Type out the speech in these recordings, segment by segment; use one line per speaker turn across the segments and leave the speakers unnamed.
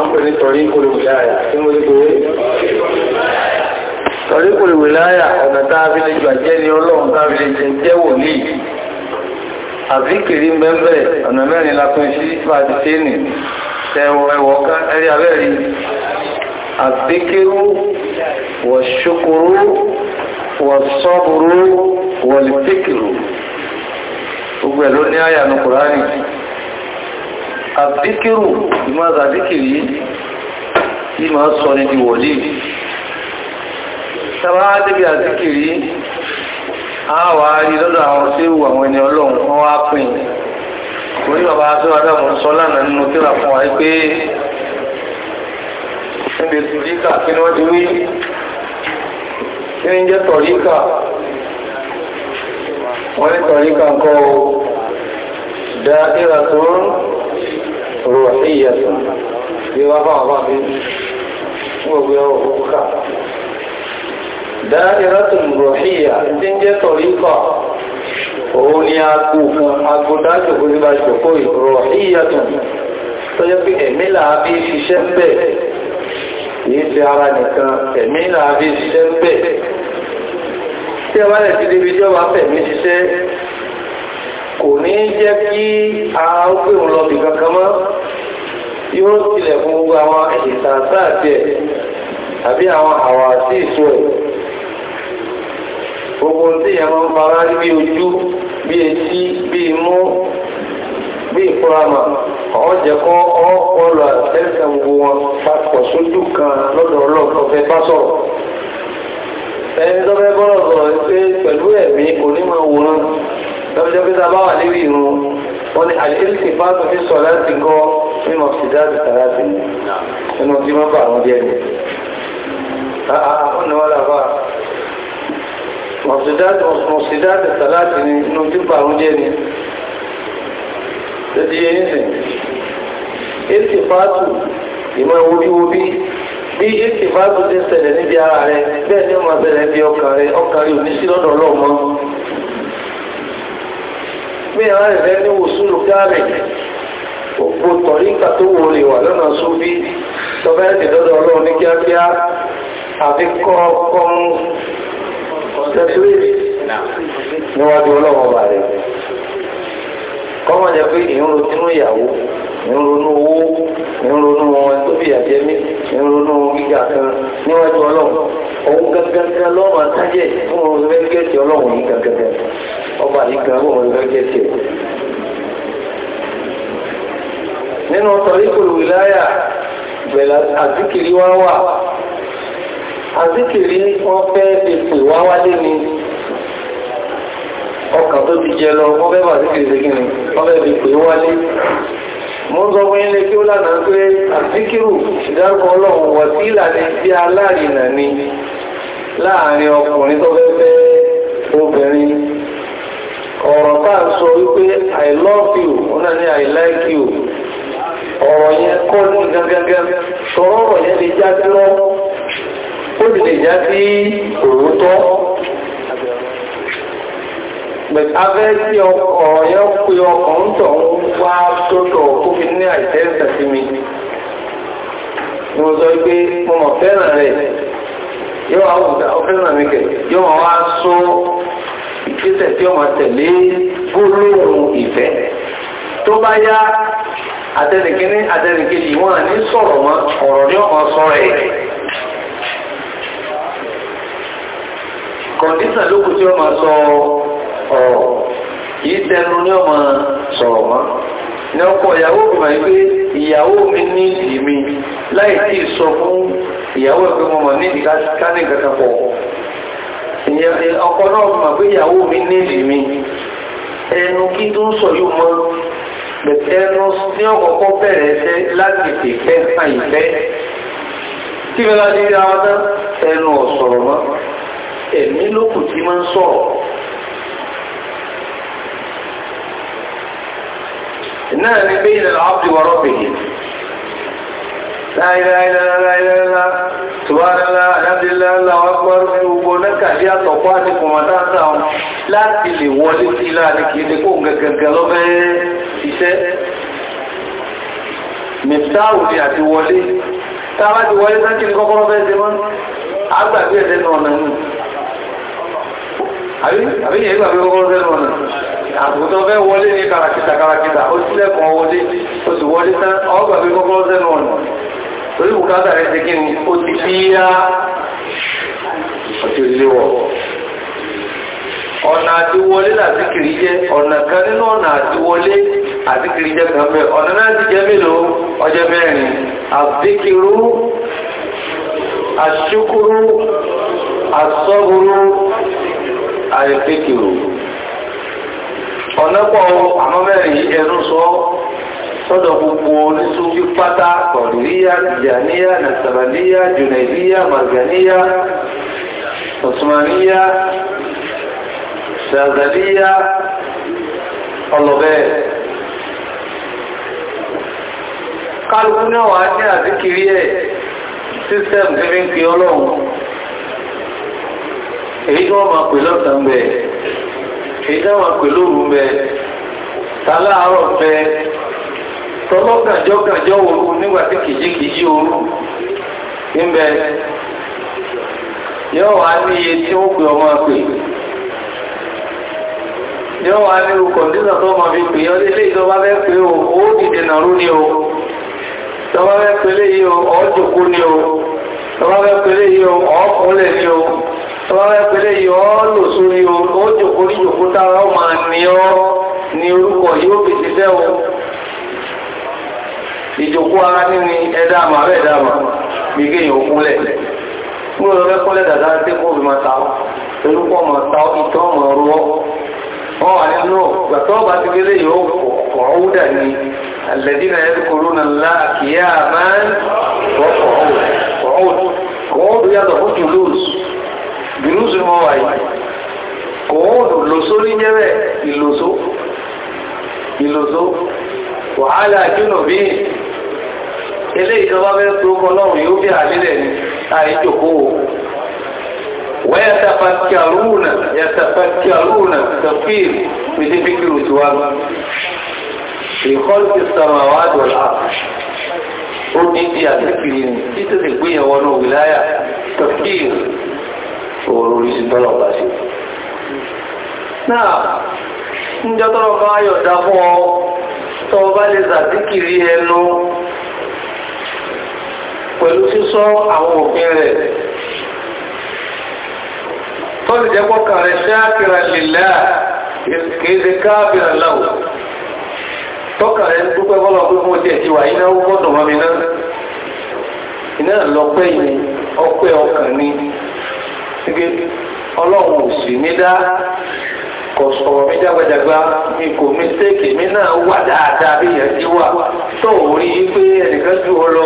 àwọn pè ní tọ̀rí kòlùwìláyà tí mo ní pé tọ̀rí kòlùwìláyà ọ̀nà táàbí lè gbà jẹ́ ni ọlọ́run táàbí lè jẹ jẹ́ wòlíì àbíkìrí mẹ́bẹ̀ ọ̀nà mẹ́rin lápẹ́ sí fàtíṣẹ́nì tẹwọ ẹwọ ká ẹrí abẹ́rí àbíkírú wọ̀ṣúkúrú wọ̀ṣọ́búrú wọ̀lìfíkìrú gbogbo ẹ̀ ló ní àyà àbíkírù ìmọ̀ àbíkìrí tí ma sọ ní ti wọ̀lé tàbá débi àbíkìrí àwà rí lọ́dọ̀ àwọn tí ó àwọn ẹni ọlọ́run wọ́n wá pín orí bàbá tó adámù sọ lánàá nínú tíra fún wa pé níbi tòríkà kí ni wọ́n ti wí kí ni jẹ́ tòríkà wọ́n ní tòríkà nǹkan o dá tó ń روحية بوضع بعض وبوضع دائرة روحية تنجẹ́ tọ̀ríkọ̀ òun ni a kú agbódájò kó nígbà ìjọkó ìrọ̀híyàtùn tó yẹ́ pé ẹ̀mí làábí ṣiṣẹ́ ń bẹ̀ yìí ti ara nìkan ẹ̀mí làábí ṣiṣẹ́ ń bẹ̀ tí ẹ bá lẹ̀ ti débi jọba fẹ̀mí ṣiṣẹ́ kò ní jẹ́ kí a gbé òun lọ bí kankan mọ́ yóò tilẹ̀ fún gbogbo àwọn ìtànsá àti ẹ̀ àbí àwọn àwà sí ìṣó ẹ̀ gbogbo tí ìyẹn máa ń fara rí bí ojú bí etí bí imú bí ìfúramà ọ̀jẹ̀kọ́ ọ̀pọ̀lọ̀ àtẹ́sẹ̀ gbogbo wọn papọ̀ sójú kan lọ́dọ̀ ọlọ́ọ̀tọ̀ fẹ́ bá sọ̀rọ̀ ẹni tó fẹ́ bọ́lọ̀ sọ̀rọ̀ pé pẹ̀lú ẹ̀mí onímọ̀ wòran lọ́jọ́ pé sábà wà níbi ìrún wọn ni àdéhùsì fáàtò fi sọ láti gọ́ mímọ̀ sí dáàbì sàrásì nínú tí wọ́n bà wọ́n jẹ́ ni. àwọn ìnáwó làbà mọ̀sídáàtì sàrásì nínú tí bà wọ́n jẹ́ ni. ṣé ti yé nísìn? èsì fáàtò ìmọ̀ wobíwobí bí èsì fáàtò ti ṣẹlẹ̀ níbi ara rẹ̀ bẹ́ẹ̀ ni ó máa ṣẹlẹ̀ níbi ọkàn rẹ̀ ọkàn rẹ̀ ò ní sí lọ́dọ̀ ọlọ́mọ pé àwọn ẹ̀fẹ́ ní wòsùlù káàmì òpó tọ̀ríkà tó wò lè wà lọ́nà sóbí tọ́fẹ́ẹ̀tì lọ́dọ̀ ọlọ́run ní kíákíá àfi kọ́ọ̀kọ́ mú tẹ́tírèsì níwájú ọlọ́run ọba rẹ̀ kọ́mọ̀ jẹ́ pé ìrún inú ìyàwó ìrún owó ìrún wọn tó bí àjẹ́ mí ìrún ọmọ àyíká wọn wọn lọ jẹ tiẹ̀. nínú tọ́líkù wìláyà bẹ̀rẹ̀ àzíkiri wá wà àzíkiri wọ́n fẹ́ ètò wá wálé ni ọkàn tó ti jẹ lọ wọ́n fẹ́ bà àzíkiri ṣe kí ni wọ́n fẹ́ fi pè wálé mo ń sọ fún ilé kí ó lánàá pé àzíkírù ìdárúkọ ọlọ́run wọ̀sílà ni bí alárinà ni láàrin ọkùnrin tó ọ̀rọ̀ tá à sọ wípé i love you òun náà ní i like you ọ̀rọ̀ yẹn kọ́ ní gángan sọ̀rọ̀ ọ̀rọ̀ yẹn lè já sí lọ ó sì lè já sí òótọ́ abẹ́ tí ọ̀rọ̀ yẹn pe ọkàn ń tọ̀ ń wá tótọ̀ kó fi ní àìsẹ́sẹ̀ sí mi mo sọ pé mo mọ̀ fẹ́ràn rẹ̀ yóò wá wùdà ó mi kẹ̀ yóò wá sọ ìgbésẹ̀ tí ọmọ tẹ̀lé gbólóhùn ìfẹ́ tó bá yá àtẹnìkíní àtẹnìkejì wọn ní sọ̀rọ̀ mọ́ ọ̀rọ̀ ní ọmọ sọ̀rọ̀ ẹ̀ kọ̀ǹdíṣà ló kù tí ọmọ sọ ọ̀rọ̀ kìí tẹnu ní ọmọ sọ̀rọ̀ mọ́ ní ọkọ ìyàwó kò máa gbé ìyàwó mi ní ìdí mi láì tí ì sọ fún ìyàwó ẹgbẹ́ mọ́mọ́ ní ìdí ká ní ìkàkàpọ̀ ìyẹn ọkọ náà mọ̀ pé ìyàwó mi nílì mi ẹnu kí tó ń sọ yóò mọ́ ẹnu ní ọ̀kọ̀ọ̀kọ́ bẹ̀rẹ̀ ẹsẹ̀ láti fèfẹ́ fa tí fẹ́ láti rí ara náà ẹnu ọ̀sọ̀rọ̀ mọ́ ẹ̀mí ló tí máa ń sọ̀rọ̀ náà ni bẹ́ẹ̀ ni la ilaha illallah la ilaha illallah subhanallah alhamdulillah Allahu akbar gbogbo náà kàdí àtọ̀kọ́ àti kọ̀mọ̀tà sáwọn láti lè wọlé sí ilá ní kìí ṣe kó gẹ̀gẹ̀gẹ̀ lọ́fẹ́ iṣẹ́ mìtáwù ni àti wọlé táwọn ti wọlé sáńkì ní kọ́kọ́rọ́ fẹ́ ṣe mọ́ àgbàgbé ẹ̀sẹ̀ náà náà àbí yẹn gbà pé wọ́n fẹ́ lọ́nà àbùtọ́ fẹ́ wọlé ní kàràkìtà kàràkìtà ó sílẹ̀ kan wọlé ó sì wọlé tán ọgbà pé kọ́kọ́ fẹ́ lọ́nà torí bùkátà rẹ̀ ti kí ni ó ti fi yá ọtí òléwọ̀ ọ̀nà àti wọlé láti kiri jẹ́ ọ̀nà kan nínú ọ̀nà àti wọlé àti kiri jẹ́ kan bẹ́ẹ̀ ọ̀nà náà ti jẹ́ mélòó ọjọ́ mẹ́rin àbíkirú àṣíkúrú àsọ́gúrú àrẹ̀fẹ́kìrò ọ̀nẹ́pọ̀ àmọ́mẹ́rin ẹnu sọ sọ́dọ̀ gbogbo oníṣúfí pátá kọ̀dìríyà jàníyà nàìsàbàníyà jùnàìdíyà màgàníyà osmaniya ṣàzàdíyà ọlọ́bẹ̀ kálukú náà wà ní àdíkiri ẹ̀ sísẹ̀m tí fi ń pe ọlọ́run èyí tí wọ́n máa pè lọ́sàn ń bẹ èyí tí wọ́n máa pè lóru ń bẹ tàláàárọ̀ ń bẹ tọ́lọ́gànjọ́gànjọ́ òru nígbà tí kìjikìji òru ń bẹ yóò wá ní iye tí ó pè ọmọ pè yóò wá ní kọ̀ǹdínà tó máa fi pè ọdí ilé ìjọba fẹ́ pé o ó dìde nàró ni o tọ́ba fẹ́ pé léyìí o ọ́ jòkó ni o tọ́ba fẹ́ pé léyìí o ọ́ kọ́lẹ̀ ni o tọ́wọ́ ẹgbẹ́lẹ́ yọ ọ́ lò sórí ó jòkó ní jòkó tára ó orúkọ yóò fi ṣiṣẹ́ o ìjòkó ara níní ẹ̀dá àmà rẹ̀ ẹ̀dá àmà bí kéèyàn ó kúnlẹ̀ fún ọ̀rẹ́ kúnlẹ̀ dàda tí kò fi máa ta ọ́ orúkọ máa ta ọ́ ìtọ́ máa rú ọ́ wọ́n wà nínú gbàtọ́ bá ti gbélé yọ ọ̀rọ̀ dà ní alẹ́dínà yadhkuruna Allaha qiyaman wọ́n kọ̀ọ̀ọ́ bìrúsù mọ́ wà yìí kò wọ́n lòsó ní jẹ́rẹ̀ ìlòsó ìlòsó wàhálà àjúnà bí ilé ìjọba bẹ́ẹ̀ tó kọ́ lọ́rùn yóò bí àlílẹ̀ ní àìjòkówó ويتفكرون يتفكرون تفكير بذكر وتوان في خلق السماوات والأرض ó ní bí àtẹ́kìrì ní títí ìgbéyàwó náà wìláyà tafkir orí sí tọ́lọ̀ bá ṣe náà ń jẹ́ tọ́lọ̀ bá yọ̀dá fún ọ tọ́ bá lè zàdíkìrí ẹnu pẹ̀lú sísọ àwọn òfin rẹ̀ tọ́lù jẹ́ pọ́kà rẹ̀ ṣáàkìrà lèlá kèèzè káàbìrà láwọ̀ tọ́kà rẹ̀ dúpẹ́ bọ́lọ̀ pé fún ọjẹ́ ìwà iná gbọ́dọ̀ síbi ọlọ́run ò sì mí dá kò sọ̀rọ̀ mi jágbajàgba mi kò mí séèkì mi náà wà dáadáa bí yẹn ti wà tó ò rí i pé ẹnìkan ju ọ lọ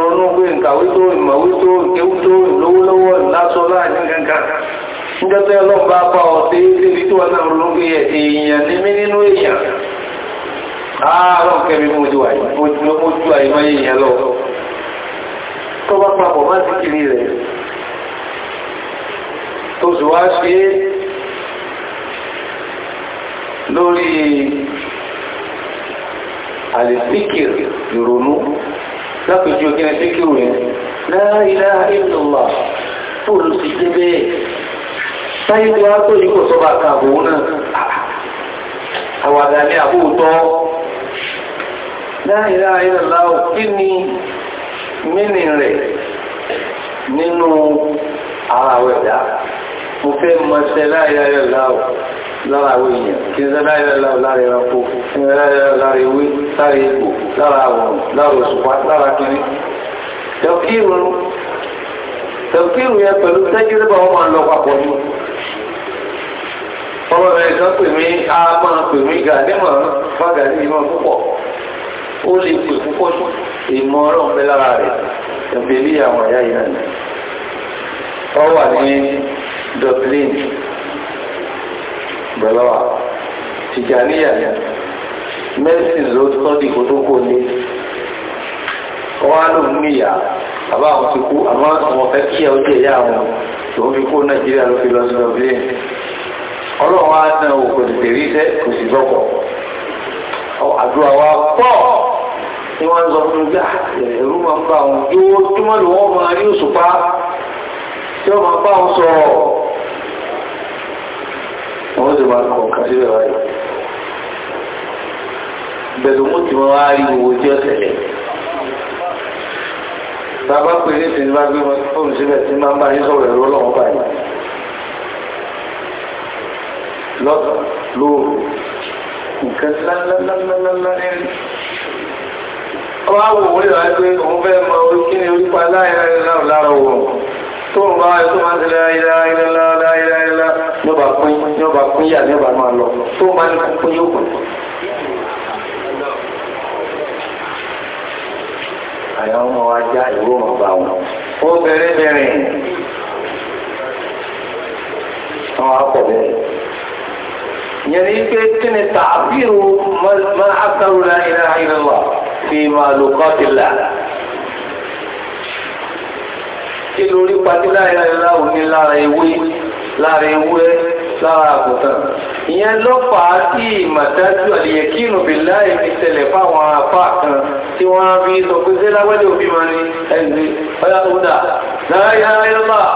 ronú pé nkàwé tó ìmọ̀wé tó ìkéwú tó ìlówólówó ìlásọ láàyè kankan níjọ́ tó yẹ lọ́ọ́ bá bá ọ sí débi tó wà náà ronú pé èèyàn ní mí nínú èèyàn àárọ̀ kẹ́mi mojú àyè mojú àyè máa yẹ ìyẹn lọ tó bá papọ̀ má sí kiri rẹ̀ tó sì wá ṣe é lórí àlèsíkìr ìrònú lápèjú òkèrè síkìr yẹn la ilaha illallah fóòlù sí jẹ́ bẹ́ẹ̀ sáyé bí a tó yí kò sọ́bà kan àbòwò náà àwàdà ní àbòótọ́ la ilaha illallah ara àwọn ẹ̀dá mo fẹ́ mọ̀ ṣe láìláyọ̀ láwọ̀ lára àwọn èèyàn kí ní láìláyọ̀ lára ẹranko kí ní láìláyọ̀ lára ewé lára egbò lára àwọ̀n lára òṣùpá lára kiri tẹ̀kírù yẹn pẹ̀lú tẹ́jìrìbà wọ́n máa lọ papọ̀ ní ọmọ rẹ̀ kan pè mí a máa pè mí gà nímọ̀ fágà ní ìmọ̀ púpọ̀ ó lè pè púpọ̀ ìmọ̀ ọlọ́run fẹ́ lára rẹ̀ tẹ̀bẹ̀lì àwọn ẹ̀yà ìrìnà ọ wà ní Dublin bẹ̀lọ́wà tìjàníyà mẹ́sì ló sọ́dì kó tó kó ní ọwá ló níyà bàbá àwọn ti kú àmọ́ àwọn fẹ́ kí ẹ ojú ẹ̀yà àwọn tòun fi kó Nàìjíríà ló fi lọ sí Dublin ọlọ́run á dán o kò tètè rí iṣẹ́ kò sì lọ́pọ̀ àdúrà wa pọ̀ ni wọ́n ń sọ fún mi gbà ah, ẹ̀rú máa ń bá wọn yóò túmọ̀ lọ́wọ́ máa rí òṣùpá tí ó máa bá wọn sọ̀rọ̀ wọ́n sì máa kọ̀ kàṣí rẹ̀ wáyé bẹ̀rù mú ti wọ́n rí owó tí ó bàbá pé ní ti bá gbé fóònù síbẹ̀ tí máa ń bá yín sọ̀rọ̀ ẹ̀rọ lọ́wọ́ báyìí lọ́tọ̀ lóòrù nǹkan lálálálálá ẹni ọwọ́ àwòrán rẹ̀ wá pé òun fẹ́ mọ orí kí ni orí pa láìláìláà tó ń bá ẹ̀tọ́ máa ń tẹ̀lé ayẹyẹ ayẹyẹ ayẹyẹ ayẹyẹ ní ọba pín ní ọba pín yà ní ọba máa lọ tó máa ń pín yóò pín. àyà ọmọ wa já ìwé ọmọ bá wọn. ó kí lórí padì láìra ẹ̀rá òní lára ewé lára ewé lára àgùntàn ìyẹn ló fà á sí ìmọ̀dájú àlìyẹ kí ìnùbí láì fi tẹ̀lẹ̀ fáwọn apá kan tí wọ́n fi sọ pé ṣé lágbẹ́lẹ̀ òbí máa ní ẹ̀ǹdí ọ̀yà tó dà láyé ayélujára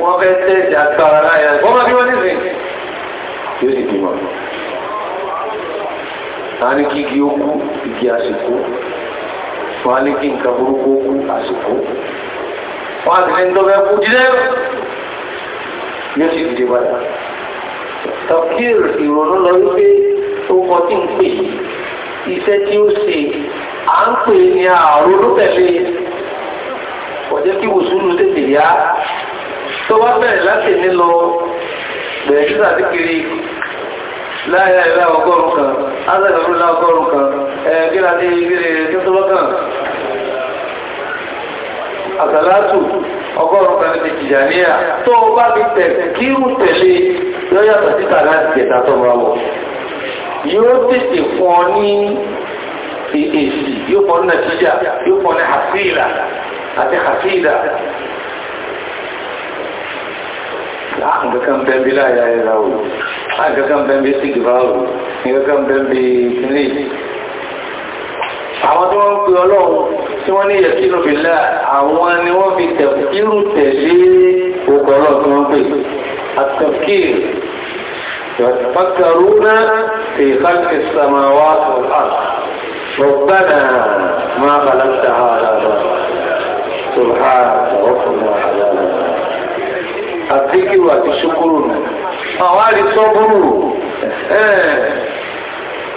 wọ́n fẹ́ tẹ̀sí agbára láyé wọ́n máa bí wọ́n nísìn yóò sì bímọ. a ní kí igi ó kú igi àsìkò wọ́n á ní kí nǹkan burúkú ó kú àsìkò wọ́n á ti lẹ́ni tó fẹ́ kú dídẹ́rù yóò sì dìde padà tọ́kìr ìrònú lọ wípé ó kọ tí ń pè iṣẹ́ tí ó ṣe à ń pè ní àrùn olóbẹ̀lẹ̀ ọ̀jẹ́ kí wùsùlù tètè yá tó wá bẹ̀rẹ̀ láti ní lọ bẹ̀rẹ̀ sí sàdíkiri láyé ẹ̀rẹ́ ọgọ́rùn kan ázẹ́gbẹ̀rún ọgọ́rùn kan ẹ̀ẹ́gbẹ̀rẹ̀ àsàlátù ọgọ́rùn-ún kan ní tìjàníyà tó o bá fi tẹ̀ kírù tẹ̀lé lọ́yàtọ̀ títà láti kẹta tó bá wọ̀ yóò tètè fún ọ ní èsì yóò fún ọ ní nàìjíríà yóò fún ọ ní àfíìlà àti àfíìlà nǹkan bẹ́ẹ̀ bí láyà ẹ̀rọ àgàgàn bẹ́ẹ̀ bí sígìbáwò nǹkan bẹ́ẹ̀ bí àwọn tó wọ́n pe ọlọ́run tí wọ́n ní yẹ̀kínú bìlá àwọn ni wọ́n fi tẹ̀kírù tẹ̀lé òkú ọlọ́run tí wọ́n pè àtẹ̀kírù يتفكرون في خلق السماوات والأرض ربنا ما خلقت هذا باطلا سبحانك ربنا حلالا الذكر والشكر فوالي صبر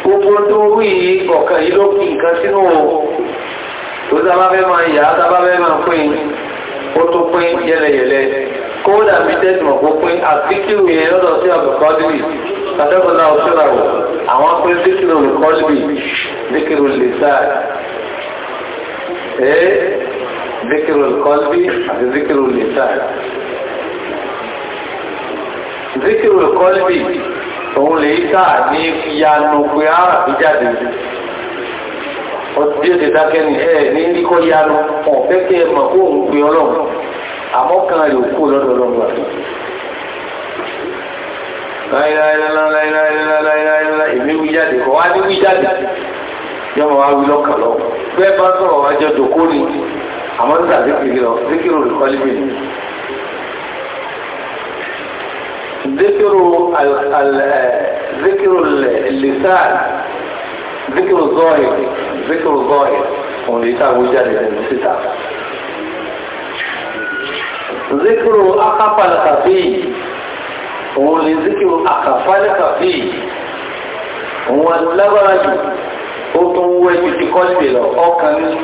gbogbo tó wí ọ̀kan yìí ló fi nǹkan sínú òun tó sábà fẹ́ máa yà á sábà fẹ́ máa pín ó tó pín yẹlẹyẹlẹ kódà bí tẹ́sìmọ̀ kó pín àtíkìrù yẹn lọ́dọ̀ sí àbùkọ́dìrì àtẹ́kọ̀ọ́dà òṣèlú àwọn pín síkìrù olùkọ́dìrì síkìrù lè sáà ee zikiru kọlbi àti zikiru lè sáà zikiru kọlbi òun lè yí sáà ní yanu pé ara fi jáde bí ó ti dákẹ́ ni ẹ ní kíkọ́ yanu ọ̀fẹ́ kí ẹ mọ̀ kóun pe ọlọ́run àmọ́ kan yóò kó lọ́dọ̀ ọlọ́run wa. láìláìláìláìláìláìláìláìlá ذكر ال ال ذكر اللسان ذكر الظاهر ذكر الظاهر ولسان مجرد الستة ذكر أخف الخفي ولذكر أخف الخفي هو اللبرج وطوة تقلب له أوكان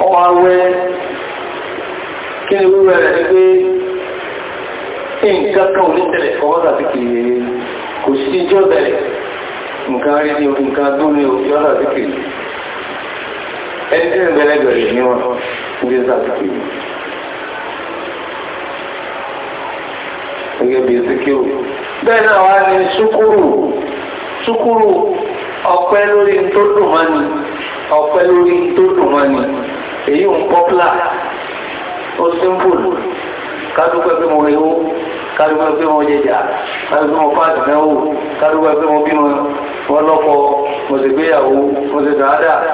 أو أوه كان يقول لك nǹkan kan ò ní tẹ̀lẹ̀ fọwọ́dà sí kìí kò sí jọ bẹ̀rẹ̀ nǹkan rí ní nǹkan tó ní òjọ́dà sí kìí ẹni tí ń bẹ̀rẹ̀ bẹ̀rẹ̀ ní wọn ní sàtìkì gẹ́gẹ́ bí síkírù bẹ́ẹ̀ náà wá ní ṣúkúrù ṣúkúrù lórí tó dùn wá ní èyí ń pọ́pùlà ó símbòlù kádúgbẹ́ pé mo rẹ̀ ó kádúgbẹ́ pé mo jẹjà kádúgbẹ́ mo fà àtìmẹ́wò kádúgbẹ́ pé mo bímọ wọn lọ́pọ̀ mo sì gbéyàwó mo sì dáadáa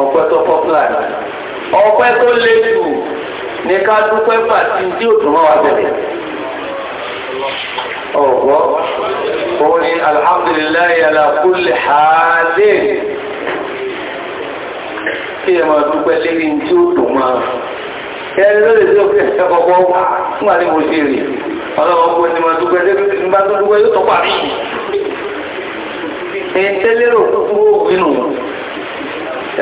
ọpẹ́ tó pọ́pùlà ni ọpẹ́ tó lé jù ní kádúgbẹ́ pàtí tí ò tún mọ́ wa bẹ̀rẹ̀ ọ̀gbọ́ òun ni ala kulli halin kí ẹ máa dúpẹ́ lérí tí ó dùn ẹni ló lè tí ó fi ẹ̀ṣẹ́ kọ̀kọ́ wá fún àti mo ṣe rè ọlọ́wọ́ kó ní máa dúpẹ́ débi tí bá tó dúpẹ́ yóò tọ́ pàmì. ẹ̀ńtẹ́ lérò fún òògùn nù.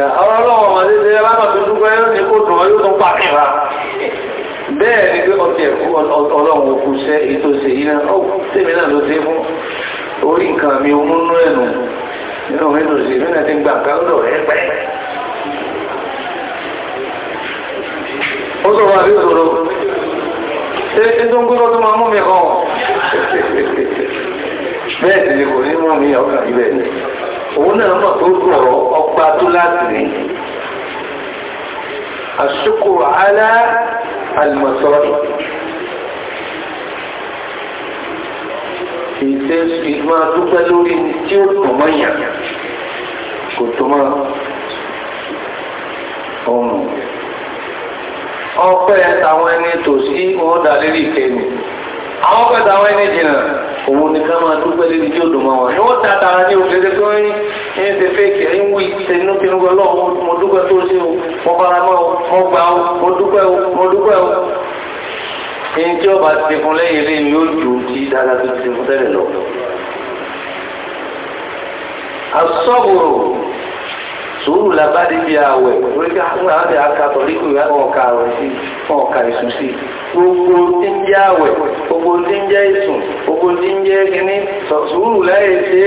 ọ̀rọ̀ ọlọ́wọ́ ọmọdé ṣe bá tó dúpẹ́ yóò ní kó dùn yóò tọ́ pàmì wa. bẹ́ẹ̀ ni pé ọtí ẹ̀kú ọlọ́run kù sẹ́ ètò ìṣèyí náà ó tèmi náà ló ṣe fún orí nǹkan mi ó múnú ẹ̀nu nínú mi ó sọ̀rọ̀ àbí òṣòro ṣé tó ń gbọ́dọ̀ tó máa mú mi hàn bẹ́ẹ̀ sì ni kò ní mú mi ọ̀gá ibẹ̀ òun náà mọ̀ tó gbọ̀rọ̀ ọgbà tó láti ní àṣùkò alá àlùmọ̀sọ́rọ̀ ìṣe ìgbà dúpẹ́ lórí tí ó tún mọ́ yàn kò tó mọ́ ọ̀hún ọpẹ́ tàwọn ẹni tòsí owó dàlérí ìkẹni àwọn ọpẹ́ tàwọn ẹni jìnà òun nìkan máa dúpẹ́ lérí tí ó dùn mọ́ wọn ni wọ́n tàtà ní òṣèré tó ń ní ṣe fẹ́ẹ̀kì ẹ̀yìn wí tẹnu kí nígbà lọ́wọ́ mo dúpẹ́ tó ṣe o mo fara mọ́ o mo gbà o mo dúpẹ́ o mo dúpẹ́ o ẹni tí ọba ti fún lẹ́yìn ilé ni yóò ju ti dára tó ti fún tẹ́lẹ̀ lọ. asọ́bùrù sùúrù làbádé bí àwẹ̀ lórí àwọn àwọn akatọ̀ líkù ọ̀ka àwẹ̀ sí fún ọ̀ka ìsùn sí gbogbo tí ń jẹ́ àwẹ̀ gbogbo tí ń jẹ́ ìsùn gbogbo tí ń jẹ́ kíní sùúrù láyé ṣe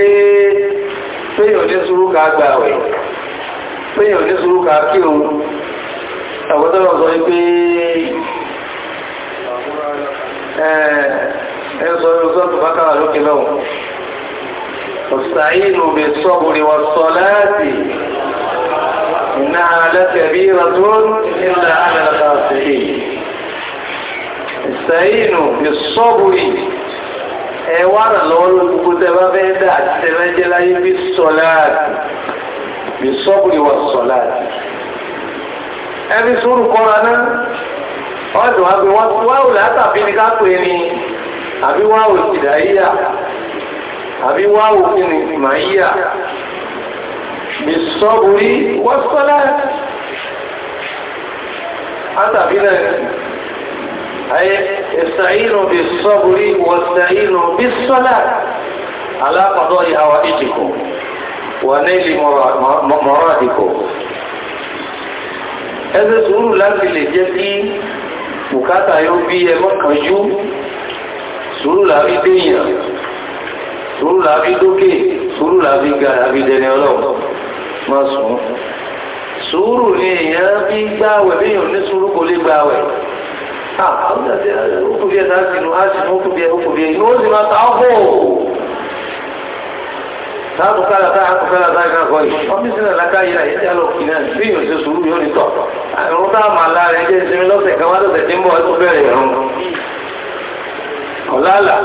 péyàn ní sùúrù ká gba àwẹ̀ péyàn ní sùúrù ká kí òun àwọ̀tọ́rọ̀ sọ pé ẹ sọ ìrọsọ́tù bákàrà lókè náà ọ̀sàyìn òbí sọ́gbùrì wọ́n sọ láti إنها لكبيرة إلا على الخاسرين استعينوا بالصبر ẹ wá ràn lọ́wọ́ ló gbogbo tẹ bá fẹ́ dà tẹ bá jẹ́ láyé bí sọ̀láàtì bí sọ́bùrì wà sọ̀láàtì. ẹ fi sùúrù kọ́ra náà wọ́n dùn ábí wọ́n ti wáwò látàbí ni ká pè ní àbí wáwò ìdáyíyà àbí wáwò kìnnìkìmáyíyà bisọ́bùrí wọ́sọ́lá átàbílẹ̀ ayé ìsàínú bisọ́bùrí wọ́sàínú bisọ́lá alákọ̀ọ́dọ́ ìhàwà ìjìkò wà nílì mọ̀rọ̀ àdìkò ẹgbẹ́ sùúrù láti lè jẹ́ kí bùkátà yóò bí ẹmọ́ kan yú sùúrù láti sùúrù la fi dókè sùúrù la fi ga la fi dẹni ọlọ́run má sùn sùúrù ni èèyàn fi gbààwẹ̀ bí èèyàn ní sùúrù kò lè gbààwẹ̀ okubi ẹ̀dá sínú ásìmú okubi ẹ̀ okubi ẹ̀ yóò sì máa ta ọ́fọ́ sáàtù kálátá àtù kálátá ìka kọ yìí ọ́fíìsì náà lákà yìí láyé tí a lọ kìí náà bí yóò ṣe sùúrù yóò ní tọ̀ àrùn tá a máa la rẹ̀ jẹ́ ìsinmi lọ́sẹ̀ kan wá lọ́sẹ̀ tí ń bọ̀ ẹ̀ tó bẹ̀rẹ̀ ẹ̀rùn ọ̀làlà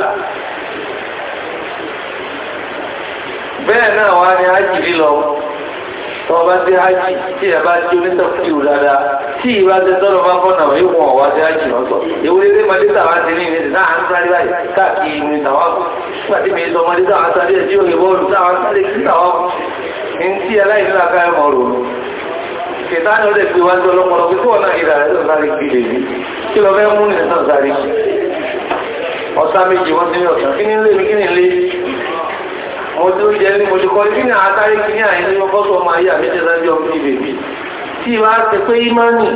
bẹ́ẹ̀ náà wá ní ájì lílọ tọ́ bá dé ájì tí ẹ bá tí onítọ̀kì ò dáadáa tí ìwà tẹ tọ́lọ bá fọ́nà wọ́n yóò wọ́n wá dé ájì wọ́n sọ ewu ilé máa dé tàwa ti ní ìrìn náà ń sáré báyìí káàkiri ìrìn tàwa kù nígbà tí mi sọ ọmọdé tàwa sáré ẹ̀ tí òye bọ́ọ̀lù tàwa sáré kí tàwa kù ní tí aláìní làkà ẹ̀ mọ̀ rò kìtàní ó lè fi wájú ọlọ́pọ̀lọ́ pé kó náà ìdàrẹ́ tó sáré kí lè rí kí lọ fẹ́ mú ní ọ̀sán mo ti ń jẹ ní mo ti kọ́ ibi náà atari kìíní àìní mo kọ́ sọ ọmọ ayé àmẹ́tẹ̀ẹ̀ta bí ọmọ ìbè bí tí ìwà ti pé ìmánì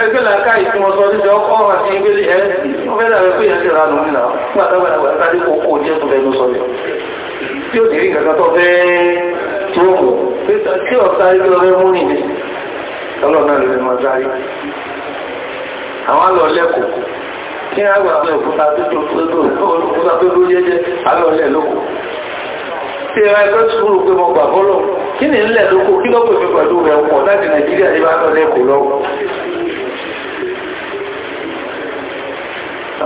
ẹgbẹ́ làákà ìfúnmọ́sọ níjọ ọkọ̀ ọ̀hún àti ìgbélé ẹ̀ẹ́sì wọ́n fẹ́ dàbẹ̀ pé ìyàtì ìranù ńlá gbàtàgbàtàgbà tàbí kòkó jẹ́ tó fẹ́ ló sọ yọ tí ó sì rí nǹkan tó fẹ́ tí ó mú tí ọ̀sá ilé ọ̀rẹ́ mú nìyí ọlọ́run náà lè fi máa sáré àwọn alọ́ lẹ́kọ̀ọ́ kí á gbà pé òkúta tó tó tó tó òkúta tó tó jẹ́jẹ́ alọ́ lẹ́ lóko ṣe ẹgbẹ́ sùúrù pé mo gbà bọ́lọ̀ kí ni ńlẹ̀ lóko kí lọ́pọ̀ mi pẹ̀lú rẹ̀ pọ̀ láti nàìjíríà ní bá lọ lẹ́kọ̀ọ́ lọ́wọ́.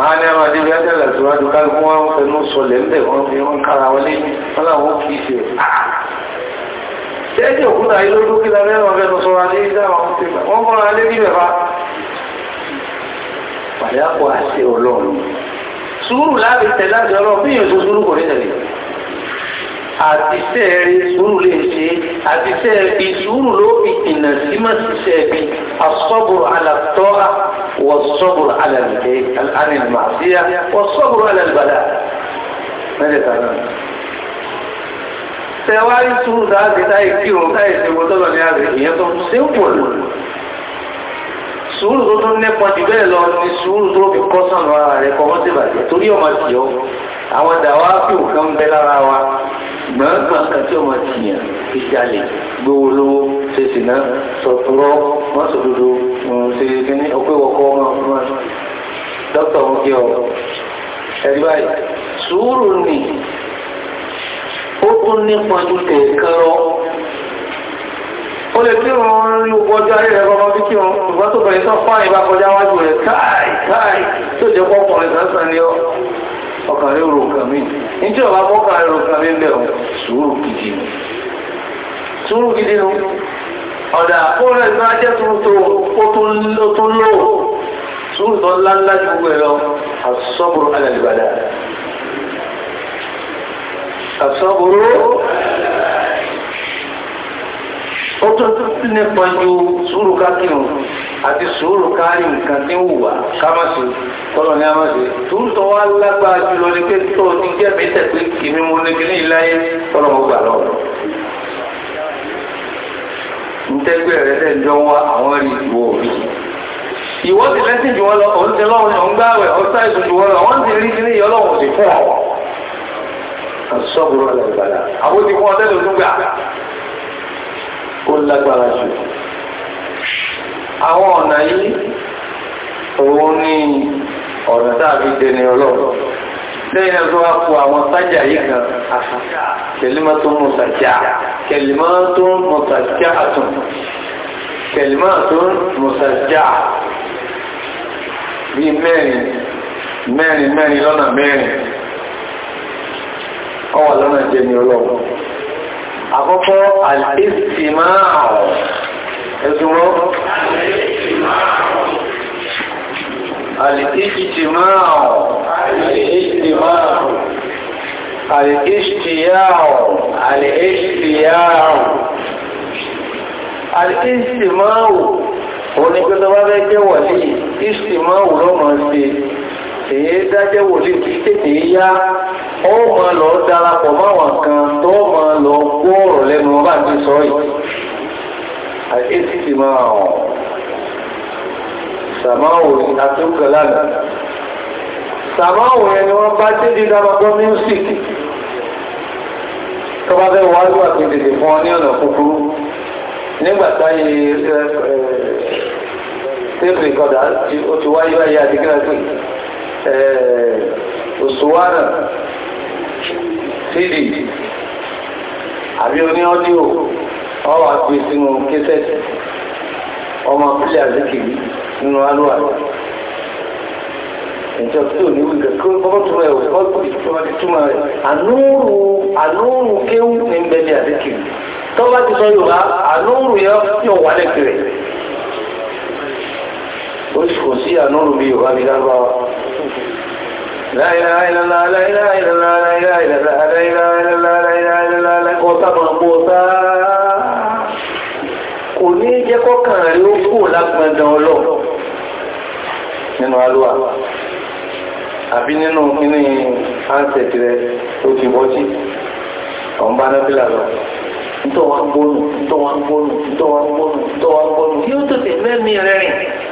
àwọn ní àwọn adébí ajálà síwájú kálukú wọn fẹnu sọlẹ̀ ńbẹ̀ wọn fi wọn kára wọn lé wọn làwọn kì í ṣe. ṣéèjì òkúta yìí ló dúkìá lẹ́nu ọ̀fẹ́ tó sọ alẹ́ yìí dáhùn ọ̀hún ti gbà wọ́n fọ́nra alẹ́ níbẹ̀ fa. pàdé àpò àṣẹ ọlọ́run sùúrù láti tẹ̀lé àjọ ọlọ́run bí èèyàn tó sùúrù kò ní tẹ̀lé àti sẹ́ẹ̀rí sùúrù lè ṣe àti sẹ́ẹ̀bí sùúrù ló fi ìnà sí má sí sẹ́ẹ̀bí asọ́bùrù alàtọ́ra wọ́n sọ́bùrù alàlùkẹ́ alàlùmàṣíyà wọ́n sọ́bùrù alàlùbàdà mẹ́tẹ̀ẹ̀ta náà. sẹ́wárí sùúrù dáàbì táyì kírun táyì ṣègbè tó lọ ní àrè ìyẹn tó ṣe ń pọ̀ lù. sùúrù tó tún nípa jù bẹ́ẹ̀ lọ ni sùúrù tó fi kọ́ sànù ara rẹ̀ kọ́ àwọn dàwa fi òkan ń bẹ lára wa gbọ̀ngbọ̀n kan tí ọmọ ti yàn fi jalè gbowó lówó ṣe sì ná sọ̀tọ̀rọ̀ wọ́n sòdodo ṣe kíní ọpẹ́ wọ̀kọ́ ọmọ ọmọ dókítà wọn ọ ẹ̀rí báyìí sùúrù ni ó kún nípa ju tẹ̀ẹ̀kan lọ ó lè kí wọn ní gbogbo ọjọ́ ayé rẹ̀ kọ́kọ́ bí kí wọn ìgbà tó bẹ̀rẹ̀ tán bá kọjá wájú rẹ̀ káì káì tó jẹ́ pọ́pọ̀ rẹ̀ sánsan ni ọ ọkàn rẹ̀ rò kàn mí níjẹ́ ọba mọ́kàn rẹ̀ rò kàn mí lẹ̀ ọ́ sùúrù gidi ni sùúrù gidi ni ọ̀dà kóòrè tó á jẹ́ sùúrù tó ó tó lò sùúrù tó ńlá ńlá ju gbogbo ẹ̀ lọ àsọ́bùrù alẹ́ ìbàdàn àsọ́bùrù ó tó tó sí nípa ju sùúrù kákìrùn àti sùúrù kárí nǹkan tí ń wùwà kámọ́sí tọ́lọ̀ ní àmọ́sí sùúrù tó wá lágbára jùlọ ní pé tó ní jẹ́ mi tẹ̀ pé kìíní mo ní kíní ìláyé tọ́lọ̀ mo gbà lọ́wọ́ ntẹ́gbẹ́ rẹ̀ lẹ́jọ́ wá àwọn rí ìwọ òbí ìwọ ti lẹ́sìn jù wọ́n lọ òun ti lọ́wọ́ ní ọ̀ngbà rẹ̀ ọ̀sá ìsùn jù wọ́n lọ wọ́n ti rí kíní ìyọ́lọ́wọ́ sí fún ọ̀ ó lágbára jù àwọn ọ̀nà yìí òun ní ọ̀nà tàbí dẹni ọlọ́rọ̀ lẹ́yìn náà tó wá kú àwọn sájà yìí kan kẹlìmọ́ tó mú sàjá kẹlìmọ́ tó mú sàjá àtún kẹlìmọ́ tó mú sàjá bí mẹ́rin mẹ́rin mẹ́rin lọ́nà mẹ́rin ọwà lọ́nà jẹni ọlọ́rọ̀ àkọ́kọ́ àìsìmáàrùn ẹgbùnmọ́ àìsìmáàrùn àìsìmáàrùn àìsìmáàrùn àìsìmáàrùn onígbẹ́tọ́wà bẹ́ jẹ́ wọ̀lí ìsìmáàrùn lọ́mọ̀ sí èyí dájẹ́ wọ̀lí títẹ̀ yá ó máa lọ darapọ̀ máwọn kan tó máa lọ kó ọ̀rọ̀ lẹ́nu ọba àti sọ yìí àìsí ti máa hàn sàmáwò àtúnkọ lánàá sàmáwò yẹn ni wọ́n bá títí dábàgbọ́ music tó bá fẹ́ wá lù àgbègbè fún ọ ní ọ̀nà kúkúrú nígbàtá yìí tape recorder ó ti wáyé báyìí àti gíga pé sídì àbí oní ọ́díò ọwà gbé sínú késẹ̀tì ọmọ pílẹ̀ àzíkìrí nínú alúwà ìjọ tí ò ní wíkẹ̀ kí ọkọ̀ tó rẹ̀ ọkọ̀ tó bá ti túmọ̀ rẹ̀ ànúrù ànúrù kéwù ní bẹ́ẹ̀ àzíkìrí tó bá ti sọ yorùbá ànúrù yẹ yóò wà lẹ́kẹ̀rẹ̀ oṣù kò sí ànúrù bí yorùbá bí lárúbáwá لا إله إلا الله لا إله إلا الله لا إله إلا الله لا إله إلا الله لا إله إلا الله لا kọta máa kó sáá kò ní jẹ́ kọ́kàn rẹ̀ ó kú lápẹ̀dàn ọlọ́ nínú alúwà àbí nínú kíní ansẹ̀tì rẹ̀ tó ti bọ́jí rẹ̀ rìn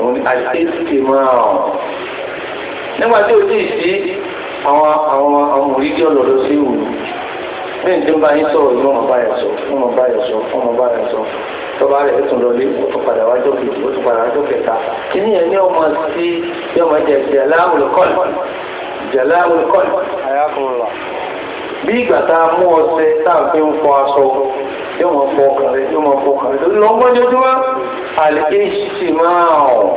òun àtẹ́sí máa hàn nígbà tí ó sì sí àwọn àwọn àwọn òrìdí ọlọ́dọ̀ sí ìwò bẹ́ẹ̀ tí ń bá yín sọ̀rọ̀ ní ọmọ báyọ̀ sọ ọmọ báyọ̀ sọ ọmọ báyọ̀ sọ tọ́ba rẹ̀ tún lọlé ó tún padà wájọ́ kejì ó tún padà wájọ́ kẹta kí ni ẹ̀ ní ọmọ sí bí ọmọ jẹ̀ jẹ̀ láwùlọ́kọ́lù jẹ̀ láwùlọ́kọ́lù. àyà fún bí ìgbà tá a mú ọṣẹ tá a fi ń fọ aṣọ yóò mọ fọ ọkàn rẹ yóò mọ fọ ọkàn rẹ lórí lọ́gbọ́n jọjúmọ́ àlèkéjì sì máa hàn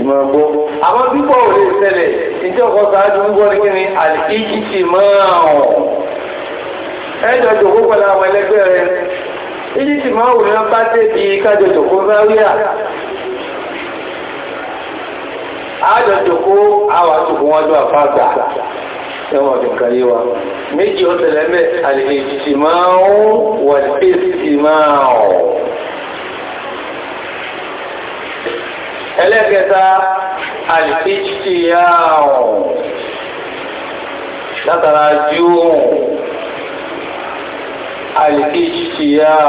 ìmọ̀ gbogbo àmọ́ bíbọ̀ ò lè ṣẹlẹ̀ ìjọ ọkọ̀ sáájú ń gbọ́ ní kí ni àlèkéjì sì máa hàn ẹjọ́ jòkó pẹ̀lú àwọn ẹlẹgbẹ́ rẹ ìjì sì máa wù ní wọn kájọ jòkó sáríà àjọ jòkó àwọn àtòkò wọn jọ àfáàgbà ẹwà kẹkà yí wa méjì ó tẹ̀lẹ̀ mẹ́ alìhìtìmáà wà ìsìmáà ẹlẹ́gẹta alìhìtìmáà látara jùun alìhìtìmáà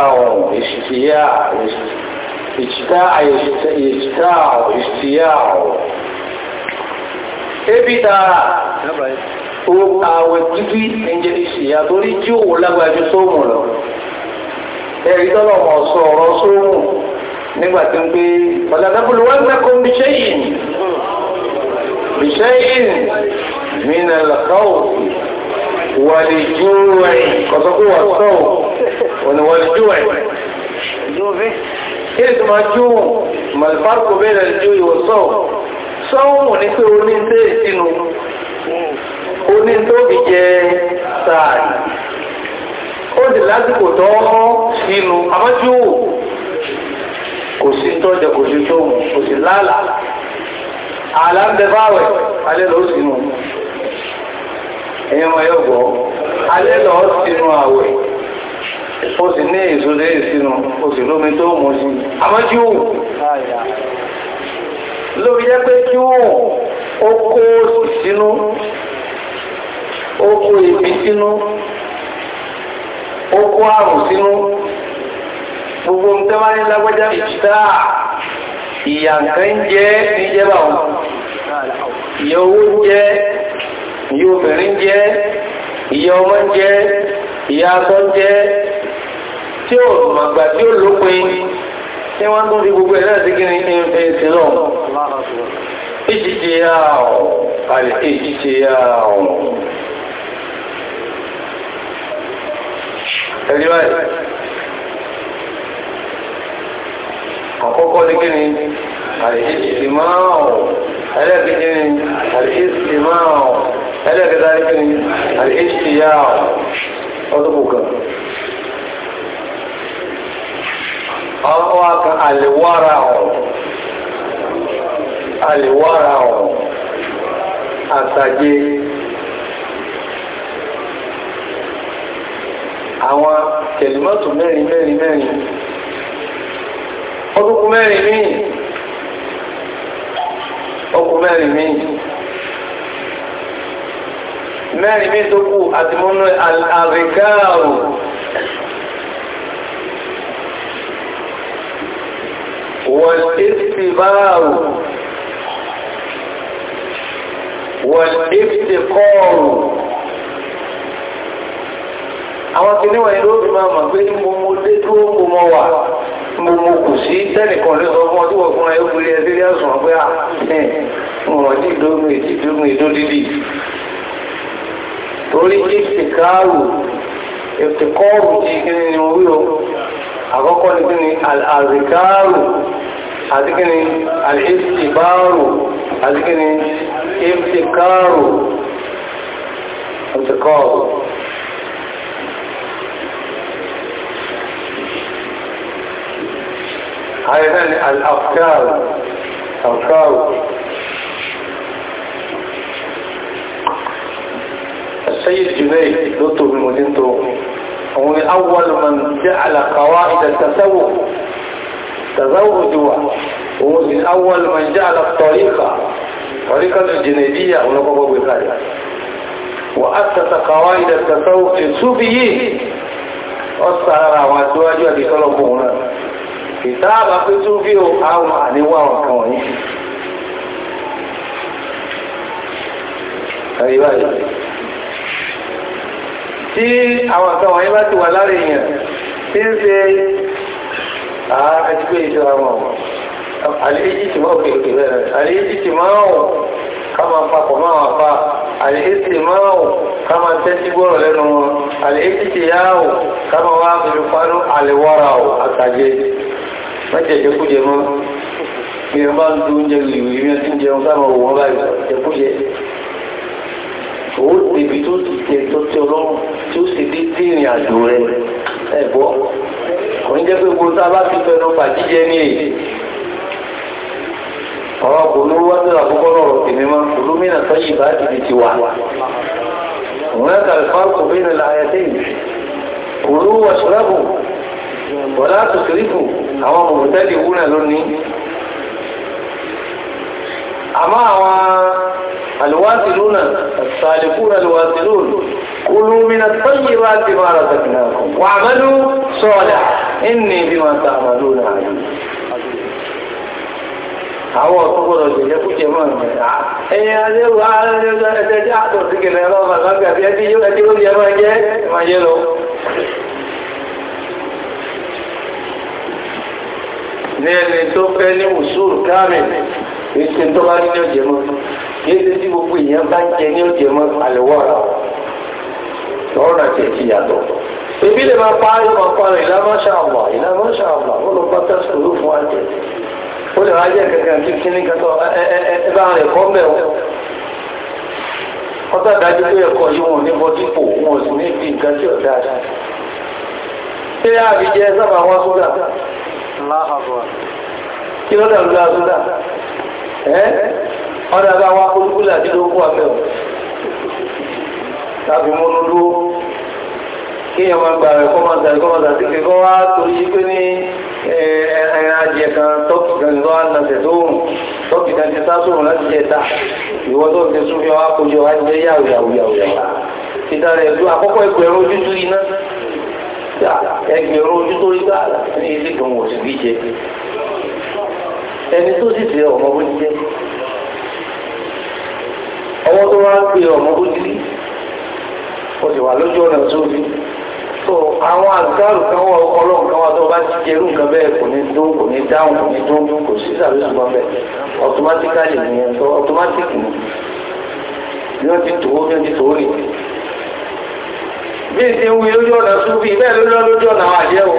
ìṣìtìmáà ìṣìtìmáà ìṣìtìmáà ìṣìtìmáà ebi tààrà àwẹ̀ títí ẹ̀jẹ̀ ìṣìyà torí tí òwò lágbàájú sóòmù lọ ẹ̀rí tọ́lọ̀ mọ̀ sọ ọ̀rọ̀ sóòmù nígbà tí ń pé ọ̀làdàbọ̀lù wọn gbẹ́kọ̀ bí ṣẹ́yìn bí ṣẹ́yìn mìíràn lọ́kọ̀ọ́ wàlìjúwẹ̀ kọ̀sọ́kú wà sọ́ọ̀ òní wàlìjúwẹ̀ kéèkì máa jú màlìfàkù bẹ́ẹ̀ lẹ́jú ìwọ̀sọ́ọ̀ sọ́ọ̀ ní pé oní tẹ́ ìsinú mm oní tó fi jẹ sáàrì ó sì lásìkò tó sínú àmọ́jú kò sí tọ́jọ kò sí tó mú kò sí lálà àlàbẹ̀báwẹ̀ alẹ́ lọ sínú ẹ̀yẹn wọn yóò gbọ́ alẹ́ lọ sínú àwẹ̀ ó sì ní ìṣúlẹ̀ ìsinú ó sì lómi tó mú sí àmọ́jú lórí jẹ́ pé kí ó kó sínú ó kó ebi sínú ó kó àrùn sínú gbogbo nǹkan máa ń lágbájá ìṣá ìyà nǹkan jẹ́ níjẹ́bà wọn ìyà owó jẹ́ ìyà obìnrin jẹ́ ìyà ọmọ jẹ́ ìyà atọ́ jẹ́ tí ó màgbà tí ó lópin tí wọ́n tó fi gbogbo ẹ̀rọ sí kíni ní ẹ̀sìn náà ìṣìṣẹ́ ààrùn àlè ààrùn ẹ̀rí báyìí àkọ́kọ́ ní kí ni àìsí máa ẹlẹ́kẹ̀ẹ́ ni àìsí máa ẹlẹ́kẹ̀ẹ́ ni àìsí yá ọdúnkùnkàn ọwọ́ kan àlèwára ọ̀ àlèwára ọ̀ àtàjẹ́ àwọn kẹlìmọ́tò mẹ́rin mẹ́rin mẹ́rin ọdúnkù mẹ́rin míì ọkùn mẹ́rin míì mẹ́rin míì tó kù àti múnú àríkáàrù wọ̀lẹ́sìbáàrù wọ̀lẹ́sìkọ́ọ̀rù àwọn kìnìún wọ̀nyí ló fi máa mọ̀ pé mo mo dé dúró mo mọ wà mo mo kù sí tẹ́nìkan lè sọ fún ọdún ọkùnrin ayé òkúlé ẹsẹ̀ ní àsùn ọ̀pẹ́ ah, à mọ̀ ní ìdógún ètí ìdógún ìdó dídì torí ìfìkàrù ìfìkọ́rù ti kíni ni mo wí o àkọ́kọ́ ni kíni àzìkàrù àti kíni àlìsìbárù àti kíni ìfìkàrù ìfìkọ́rù. أيضا الأفكار أفكار السيد جنيه دكتور من مدينته هو أول من جعل قواعد التسوق تزوج هو من أول من جعل الطريقة طريقة الجنيدية هناك أبو بخاري وأسس قواعد التسوق في على أصدر وأسواجه بكلمه هناك ìsáàbà pé tún bí o àwọn àníwá ọ̀kan wọ̀nyí. Ẹ̀rí báyìí. Tí àwọn ọ̀kan wọ̀nyí bá ti wà lára èèyàn, tí ń ṣe àájúgbé ìṣọ́ra wọn. Àlèéjì ti máa òkè òkè bẹ̀rẹ̀. Àlèéjì ti máa ọ̀ ká máa papọ̀ máa wà pa. Àlèéjì máa ọ̀ ká máa tẹ́tí gbọ́rọ̀ lẹ́nu wọn. Àlèéjì ti yá ọ̀ ká máa wá àbẹ̀lú fanú àlèwọ́ra ọ̀ àtàjẹ́ mẹ́jẹ̀ jẹ́kújẹ mọ́ bí wọ́n bá ń tó oúnjẹ lèwé bí wọ́n ti ń jẹun sáwọn òun ọba ìjẹkújẹ owó tèbi tó ti tẹ tó tẹ ọlọ́run tí ó sì dé tí ìrìn àjò rẹ ẹ̀bọ́ kò ń jẹ́ pé gbogbo tá a bá ti fẹnu bà jíjẹ ní èyí ọ̀rọ̀ kò ló wá sí àkókò lọ́rọ̀ tèmi mọ́ olómìnà tó yìí bá ti ti wà òun náà kàlùfáà kò bí bọ̀dá tòkìríkù àwọn mọ̀mọ̀tẹ́lì wúrẹ̀ lónìí àmọ́ àwọn alwasiluna as-salikuna alwasilun kulu min at-tayyibati ma razaqnakum wa'malu salihan inni bima ta'maluna 'alim àwọn ọ̀tọ́gbọ́dọ̀ jẹjẹ kú jẹ máa rẹ̀ ẹ̀yìn alẹ́rù ààrẹ ẹ̀jẹ̀ àtọ̀ sí kìlẹ̀ ẹ̀rọ ẹbí yóò ẹjẹ́ ó jẹ máa jẹ́ máa jẹ́ lọ ní ẹni tó fẹ́ ní wùsùlù káàmì ètò tó bá ní ọjẹ́ mọ́ yéṣe tí gbogbo èèyàn bá ń jẹ ní ọjẹ́ mọ́ àlẹ́wọ́ rà lọ́rùn àti ẹ̀kí yàtọ̀ ebi lè máa pa ayé máa pa ìlà mọ́ṣá àwọ̀ ìlà mọ́ṣá àwọ̀ ó lọ bá tẹ̀sán ló fún àjẹ́ ó lè rájẹ́ kankan kí kíní kankan ẹ bá rẹ̀ kọ́ mẹ́ o ọtá dájú pé ẹ̀kọ́ yìí wọn ò ní bọ́ dípò wọn ò sì ní bí nǹkan tí ọ̀dà ṣe àbíjẹ́ sábà wá kí ló dàrú dáa tó dà ẹ́ ọ̀dà bá wá kúlúkúlù àti lókù àmẹ́ ò tàbí múnú dúró kí èèyàn máa gbà rẹ̀ kọ́mọ̀tà ìkọ́mọ̀tà sí pé kọ́ wá torí pé ní ẹran ajẹ kan tọ́kì kan ní wọ́n á nàṣẹ̀ tó hùn tọ́kì kan ti sá sóhùn láti jẹ ta ìwọ́n tó ń fi súnfẹ́ wá kojú wá jẹ́ yàwùyàwùyàwùyàwù títà rẹ̀ ju àkọ́kọ́ ẹgbẹ̀rún ojú ẹgbẹ̀rún ojú tó rí gbà ní ilé kan wò sí bí jẹ ẹni tó sì ti ọmọ bó ti jẹ ọwọ́ tó wá ń pe ọmọ bó ti rí o sì wà lójú ọ̀nà sófin so àwọn àgbàrù kan wọ ọlọ́run kan wá tó bá ti jẹrú nǹkan bẹ́ẹ̀ kò ní dún kò ní dáhùn kò ní dún kò sí ìsàlẹ̀ ṣùgbọ́n bẹ́ẹ̀ automatically nìyẹn so automatic ni wọ́n ti tòó wọ́n ti tòó nìyẹn bí ti wí lójú ọ̀nà súnfì bẹ́ẹ̀ ló lọ lójú ọ̀nà àwọn àjẹ́ o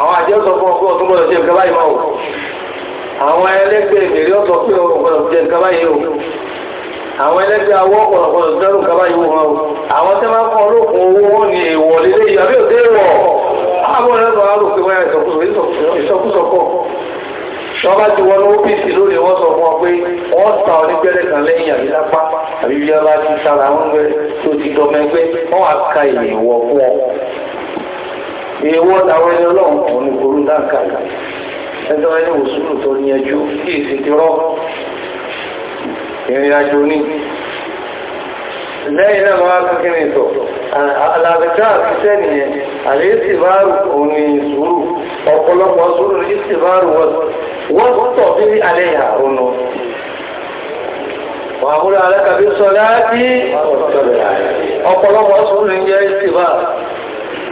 àwọn àjẹ́ sọ fún ọkọ ọ̀tún gbọ́dọ̀ ṣe nǹkan báyìí máa o àwọn ẹlẹ́gbẹ́ ìbèrè ọ̀tọ̀ pé ọkọ̀ gbọ́dọ̀ ṣe nǹkan báyìí o àwọn ẹlẹ́gbẹ́ awọ́ ọ̀pọ̀lọpọ̀lọ dẹ́rù kaba yìí wọ́n o àwọn tẹ́ máa fún ọlọ́pọ̀ owó wọn ni èèwọ̀ lílé àbí òde wọ̀ àwọn ọ̀rẹ́ tọ́ba ti wọnú ọ́fíìsì lórí wọ́n sọ fún ọ pé wọ́n ta ọ ní gbẹ́rẹ́ kan lẹ́yìn àbí lápá àbí bí ọba ti sára wọn gbẹ tó ti dọmọ ẹgbẹ́ wọ́n wá ka ìwọ̀ fún ọ. èèwọ̀ làwọn ẹni ọlọ́run kò ní gbòòrò dáǹkà ẹjọ́ ẹni wòsùlù tó níyanjú kí èsì ti rọ́ ìrìn àjò ní lẹ́yìn náà wọ́n á kékeré ìtọ̀ alàbẹ̀tà àfisẹ́ nìyẹn àlẹ́ ìsìbáàrù òun ni sùúrù ọ̀pọ̀lọpọ̀ sùúrù ìsìbáàrù wọ́n tọ̀ sí alẹ́ ìhà òun wàhúrà alákàbí sọ́lá tí ọ̀pọ̀lọpọ̀ sùúrù ń jẹ́ ìsìbá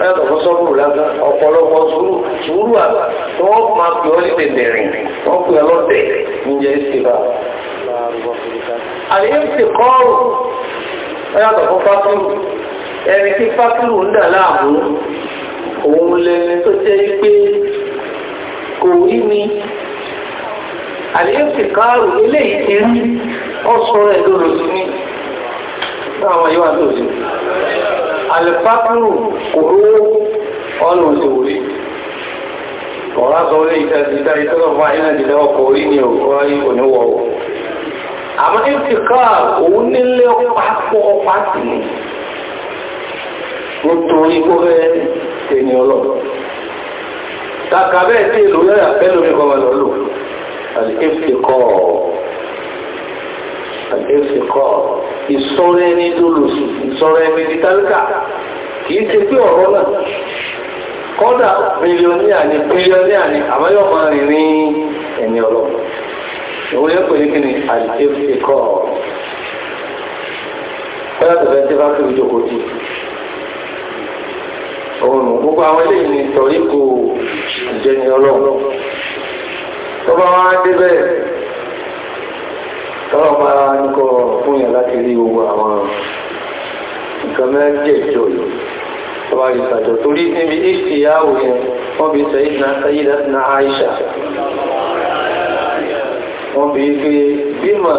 ẹ̀kọ̀kọ́ sọ́rù lásán ọ̀pọ̀lọpọ̀ sùúrù sùúrù àgbà tó wọ́n máa pè ọ́ nípe bẹ̀rẹ̀ wọ́n pè ọlọ́dẹ̀ ń jẹ́ ó yàtọ̀ fún fátúrù ẹni tí fátúrù ń dà láàmú òun lẹni tó jẹ́ pé kò rí mi àlèyé sì káàrù eléyìí ti rí ọ̀sọ̀ rẹ̀ lóòrùn ní àwọn yíwá tó sí alifákùrù kò rówó ọ̀nà òṣèwò rí ọ̀rá sọ orí ìtẹ́sí ìtẹ́sí tọ́lọ̀ fún àyínà ìdílé ọkọ̀ orí ni òkúrọ̀ àmọ́ ìfìkà òun nílé pápọ̀ pàtì nítorí kó fẹ́ ènìyàn lọ kàkàbẹ́ tí èlò lẹ́yà pẹ́lú mi kọ́ lọ lò àìfìkọ́ àìfìkọ́ ìsọ́rẹ́ ní lólùsù ìsọ́rẹ́ ní títàlíkà kìí ṣe pé ọ̀rọ̀ náà kọ́dà mílíọ̀níà ni mílíọ̀níà ni àmọ́ yóò máa rìn ní ẹni ọlọ́run òun yẹn pè ní kíni àìsèkọ́ ọ̀rọ̀ tó fẹ́ tí bá tóbi jókòó tì òun nù gbogbo àwọn eléyìí ni torí kò jẹni ọlọ́run tó bá wá débẹ̀ tọ́lọ́ máa ń kọ́ fún yàn láti rí owó àwọn nǹkan mẹ́jẹ̀ẹ̀jọ yìí tọ́wà ìsàjọ̀ torí níbi ìsìyàwó yẹn wọ́n bí sẹ́yìn náà Àìṣà wọ́n fi fi bímọ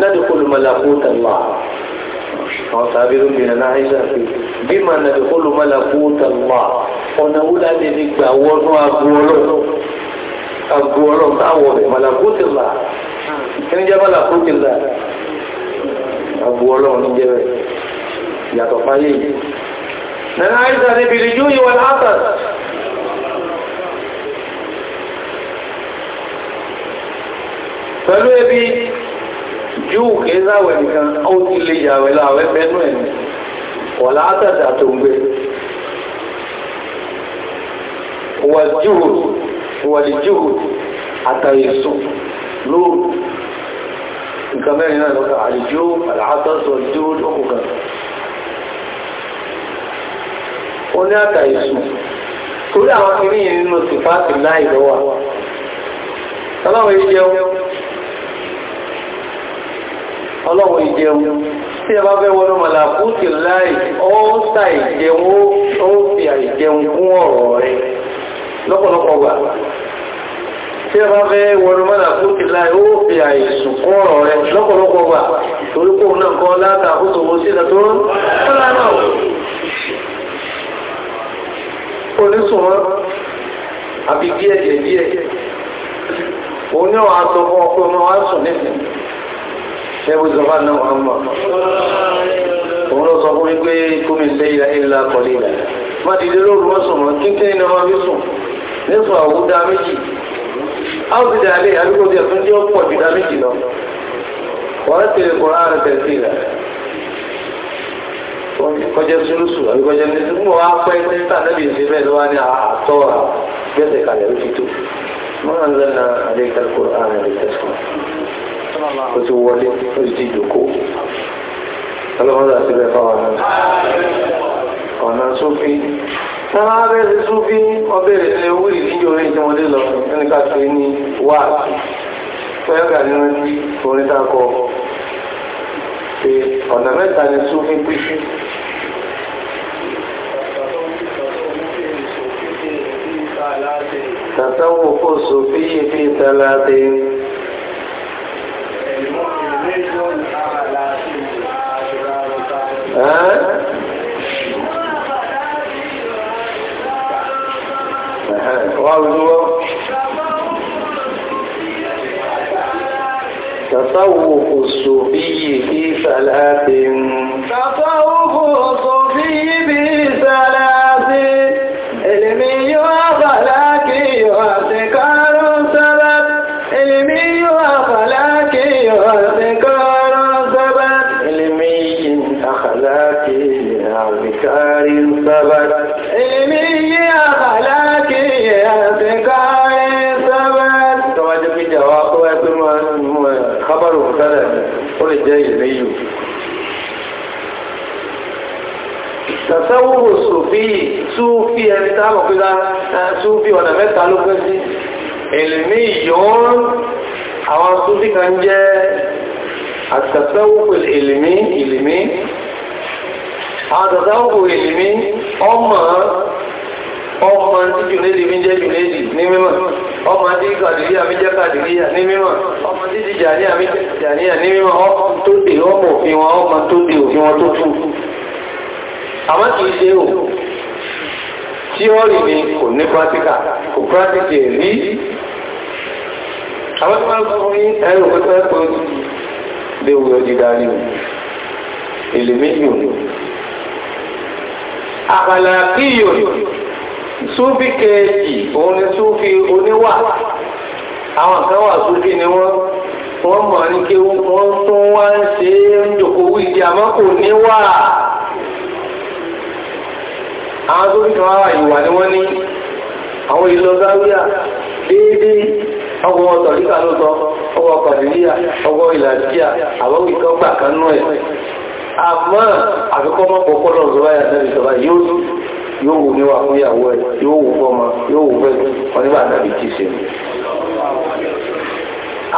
nadkhulu malakuta Allah àwọn tàbí ló bìnrin náà àìsà pé bímọ nadkhulu malakuta Allah ọ̀nà wúlá lè ní gbà wọnú agbo ọlọ́run táwọ̀ rẹ̀ malakuta Allah kí ní jẹ́ malakuta Allah agbo ọlọ́run ní jẹ́ rẹ̀ yàtọ̀ fáyé yìí nana àìsà níbi ìrìjú ìwọ̀n pẹ̀lú ẹbí yóò kìí sáwẹ̀ nìkan ó ti lè yàwẹ̀ láwẹ̀ pẹ̀lú ẹ̀mí wọ̀lá àtàtà tó ń gbé wọ̀lìjúhù àtàyèsù lóòrù nǹkan mẹ́rin náà lọ́kà àlìjú àlàátọ́sù ọjọ́ òkùnkàn ó ní àtàyèsù torí àwọn akẹrin yìí nínú sífáàtì láì lọ́wà ọlọ́wọ́ ìjẹun tí ẹ bá fẹ́ wọ́n mọ̀lá kúùtì láì ó ń sa ìjẹun ó ń fi àìjẹun kún ọ̀rọ̀ rẹ̀ lọ́pọ̀lọpọ̀ gbà tí ẹ bá fẹ́ wọ́n mọ̀lá kúùtì láì ó fi àìsùn kún ọ̀rọ̀ rẹ̀ lọ́pọ̀lọpọ̀ gbà torípò náà kọ́ látàkóso sí ìdàtọ́ onísùnmọ́ àbí díẹ̀ díẹ̀ díẹ̀ òun náà wà á ẹwù ìjọba náà Muhammad òun lọ sọ fún mi pé kómi ṣe ìlà ìlà kọ̀lé ìlà má dìde lóru wọn sùn mọ́ kíkẹ́ iná máa fi sùn nísùn àwùdá méjì áwùdí dàlẹ́ àdúgbò díẹ̀ fún tí ó pọ̀ jù dá méjì lọ wọ́n tẹ̀lé kọ́ra àrùn tẹ̀sí ìlà kọjá sólùsù àbí kọjá nítorí mo wá pẹ́ níta níbi ìṣe bẹ́ẹ̀ ló wá ní àtọ́ gbẹ́sẹ̀ kalẹ̀ ó ti tó mọ́ àlọ́ náà àdékàlùkọ́ àrùn àdékàlùkọ́ ó ti wọlé ó ti di ìjòkó ọlọ́mọdé àti bẹ́ẹ̀ fáwọn náà ọ̀nà sófí náà bẹ́ẹ̀ sófí ọbẹ̀ rẹ̀ ṣe owó ìdíjọ orí tí wọ́n lè lọ ẹni ká pé ní wà fẹ́ẹ́gà nínú orin dákọ pé ọ̀nà mẹ́ta ni sófí pípí tàtàwọ̀ kó sófí yìí fi tẹ́lá تصوف الصوفي في صلاة تصوف الصوفي في صلاة tasawuru sùfí sùfí ẹni táàmù pílá sùfí ọ̀nà mẹ́ta ló pẹ́ sí ilmi yọ́n àwọn sùfí kan jẹ́ àtàtàwùkù ilmi ilmi àwọn àtàtàwùkù ilmi ọmọ ọmọ tí jùlẹ́dì mi jẹ́ jùlẹ́dì ní mímọ̀ ọmọ tí kàdìrí àmì jẹ́ kàdìrí ní mímọ̀ ọmọ tí jìjà ní àmì jẹ́ jìjà ní mímọ̀ ọmọ tó dè ọmọ òfin wọn ọmọ tó dè òfin wọn tó fún àmọ́ kì í ṣe o tíọ́rì ni kò ní pàtíkà kò pàtíkì ẹ̀ rí àwọn tí wọ́n fún ní ẹrù pẹ́pẹ́ pẹ́ lè wùyọ́ dídá rí o èlè méjì o àpàlà kíyò súnfì kẹ́ẹ̀kì òun ni súnfì oníwà àwọn kan wà súnfì ni wọ́n wọ́n mọ̀ ní kí wọ́n tún wá ń ṣe é ń jòkó wíjì àmọ́ kò níwà àwọn tó rí kan ara ìwà ni wọ́n ní àwọn ìlú záwíà déédéé ọgbọ̀n ọ̀tọ̀ nígbà lóòtọ́ ọgbọ̀n pàdéníà ọgbọ̀n ìlàjíà àwọn ìkọ́gbà kan nú ẹ̀ àmọ́ àfikọ́ mọ́ pọ̀ pọ́lọ̀ ìjọba yàtọ̀ ìjọba yóò yóò wù níwà fún ìyàwó ẹ̀ yóò wù fọ́mọ yóò wù fẹ́ wọn nígbà tàbí kí ṣe mi.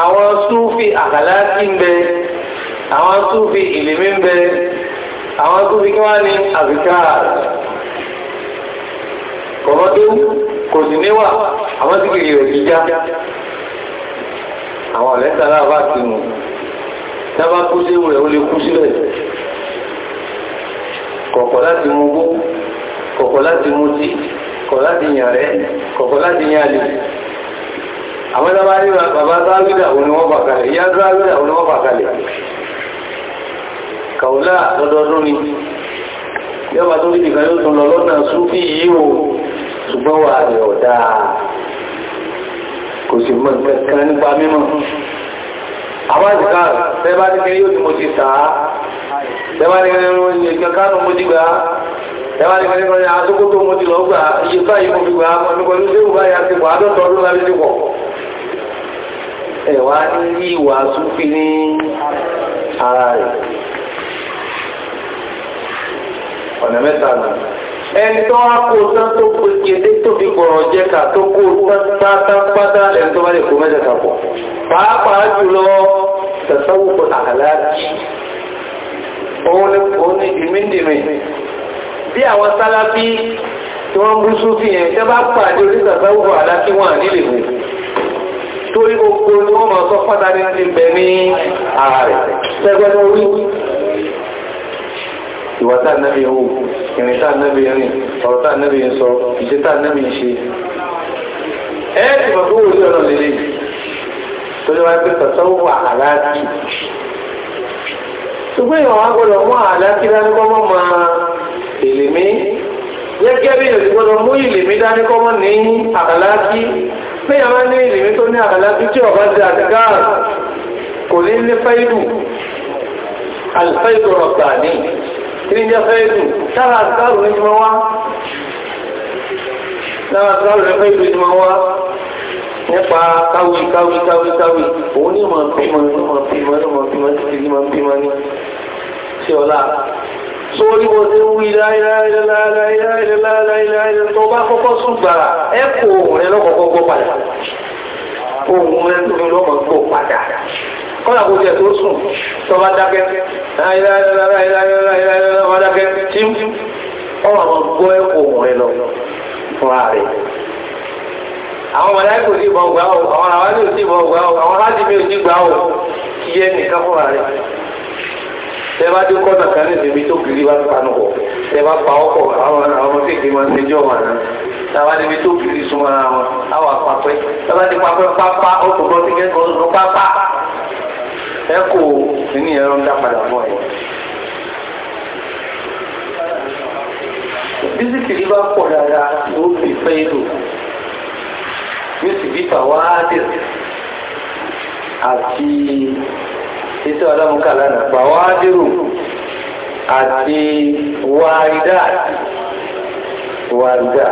àwọn súfì àkàlà ti ń bẹ àwọn súfì ìlèmí ń bẹ àwọn súfì kí wọ́n ní àfikà kọ̀mọ́déwú kò sì níwà àwọn tí kìí rẹ̀ jíjá àwọn ọ̀lẹ́ta láàbá ti mù dábá kú sí rẹ̀ ó lè kú sílẹ̀ kọ̀kọ̀ láti mú gbó kọ̀kọ̀ láti mú tí kọ̀ láti yàn rẹ̀ kọ̀kọ̀ láti yàn lè àwọn dábá rí bàbá záwídà òní wọ́n bà kalẹ̀ ìyá záwídà òní wọ́n bà kalẹ̀ kàwùlá lọ́dọọdún ni yóò bá tó rí nìkan yóò tún lọ lọ́nà súnfì yìí o ṣùgbọ́n wà rẹ̀ ọ̀dá kò sì mọ̀ kankan nípa mímọ̀ àwọn àtìká tẹ́bá ní kẹrin yóò ti mo ti tàá tẹ́bá ní kẹrin yóò ti kankanù mo ti gbà tẹ́bá ní kẹrin yóò àtókótó mo ti lọ gbà iye báyìí mo fi gbà ọmọdékọ́ ló léwu báyìí àti pọ̀ àdọ́tọ̀ ló lábí ti pọ̀ ẹ̀wà ní ìwà súnfì ní ara rẹ̀ ọ̀nà mẹ́ta nà. ẹ̀ńtọ́ akótán tó pèsè èdè tó fi gbọ̀rọ̀ jẹ́ ká tó kó pátápátá ẹ̀ńtọ́ bá lè kó mẹ́tẹ̀ẹ̀ta pọ̀. pàápàá jùlọ tẹ̀sánwó àhàlájì òun ni kò ní dìmíndìmí bí àwọn sálábí tí wọ́n bú súfì yẹn tẹ́ bá pàdé orí tẹ̀sánwó àhàlájì wọn nílè mú torí gbogbo ni wọ́n máa sọ pátá ní ti bẹ̀ ní ààrẹ tẹ́gbẹ́ ìwà tá ànábì ń wò ìrìn tá ànábì ń rìn ọ̀rọ̀ tá ànábì ń sọ ìṣe tá ànábì ń ṣe. ẹ ti mọ̀ pé wòlíì ọ̀nà lélẹ̀ tó ní wáyé pé tọ̀tọ̀ wà aláàkì. ṣùgbọ́n ìwọ̀n wa gbọ́dọ̀ mú aláàkì dání kọ́ mọ́ máa èlé mi gẹ́gẹ́ bí èlé gbọ́dọ̀ mú ìlè mi dání kọ́ mọ́ ní aláàkì pé àwọn ní ìlè mi tó ní aláàkì ní ìrìnjẹ́ fẹ́ẹ̀dù sára àtàrù ní ma wá sára àtàrù ní fẹ́ẹ̀dù ní ma wá nípa káwí káwí káwí káwí òun ní ma fi ma ní ma fi ma ní ma fi ma ti fi ma fi ma ní ṣe ọ̀la sórí wọn tí ń wí láìláìláìláìláìláìláìláìláìláìláì tó bá kọ́kọ́ sùn gbàrà ẹ kò òun rẹ lọ́kọ̀ọ́kọ́ kọ́nà kò jẹ́ tó sùn tó bá dákẹ́ wọ́n dákẹ́ tí wọ́n àwọn gbọ́ ẹ̀kọ́ rẹ lọ fún ààrẹ àwọn mọ̀láìkò sí ìbọn gbà ó àwọn àwájú sí ìbọn gbà ó àwọn láti mi ò sí gbà ó yẹ nìkan fún ààrẹ tẹ́bá dé kọ́nà kan ní ìsinmi tó kiri bá panu pọ̀ tẹ́bá pa ọkọ̀ àwọn ọmọ kéèké máa ń sejọ́ wọn náà tẹ́bá débi tó kiri súnmọ́ ara wọn àwọn àpapẹ́ tẹ́bá ẹ kò ní ẹran dá padà bọ̀ ẹ̀. bísíkì rí bá pọ̀ dáadáa ló fi fẹ́ lò yóò sì bí fàwáàdì àti iṣẹ́ ọlọ́mùká lánàá fàwáàdì rò àti wàrídà wàrídà.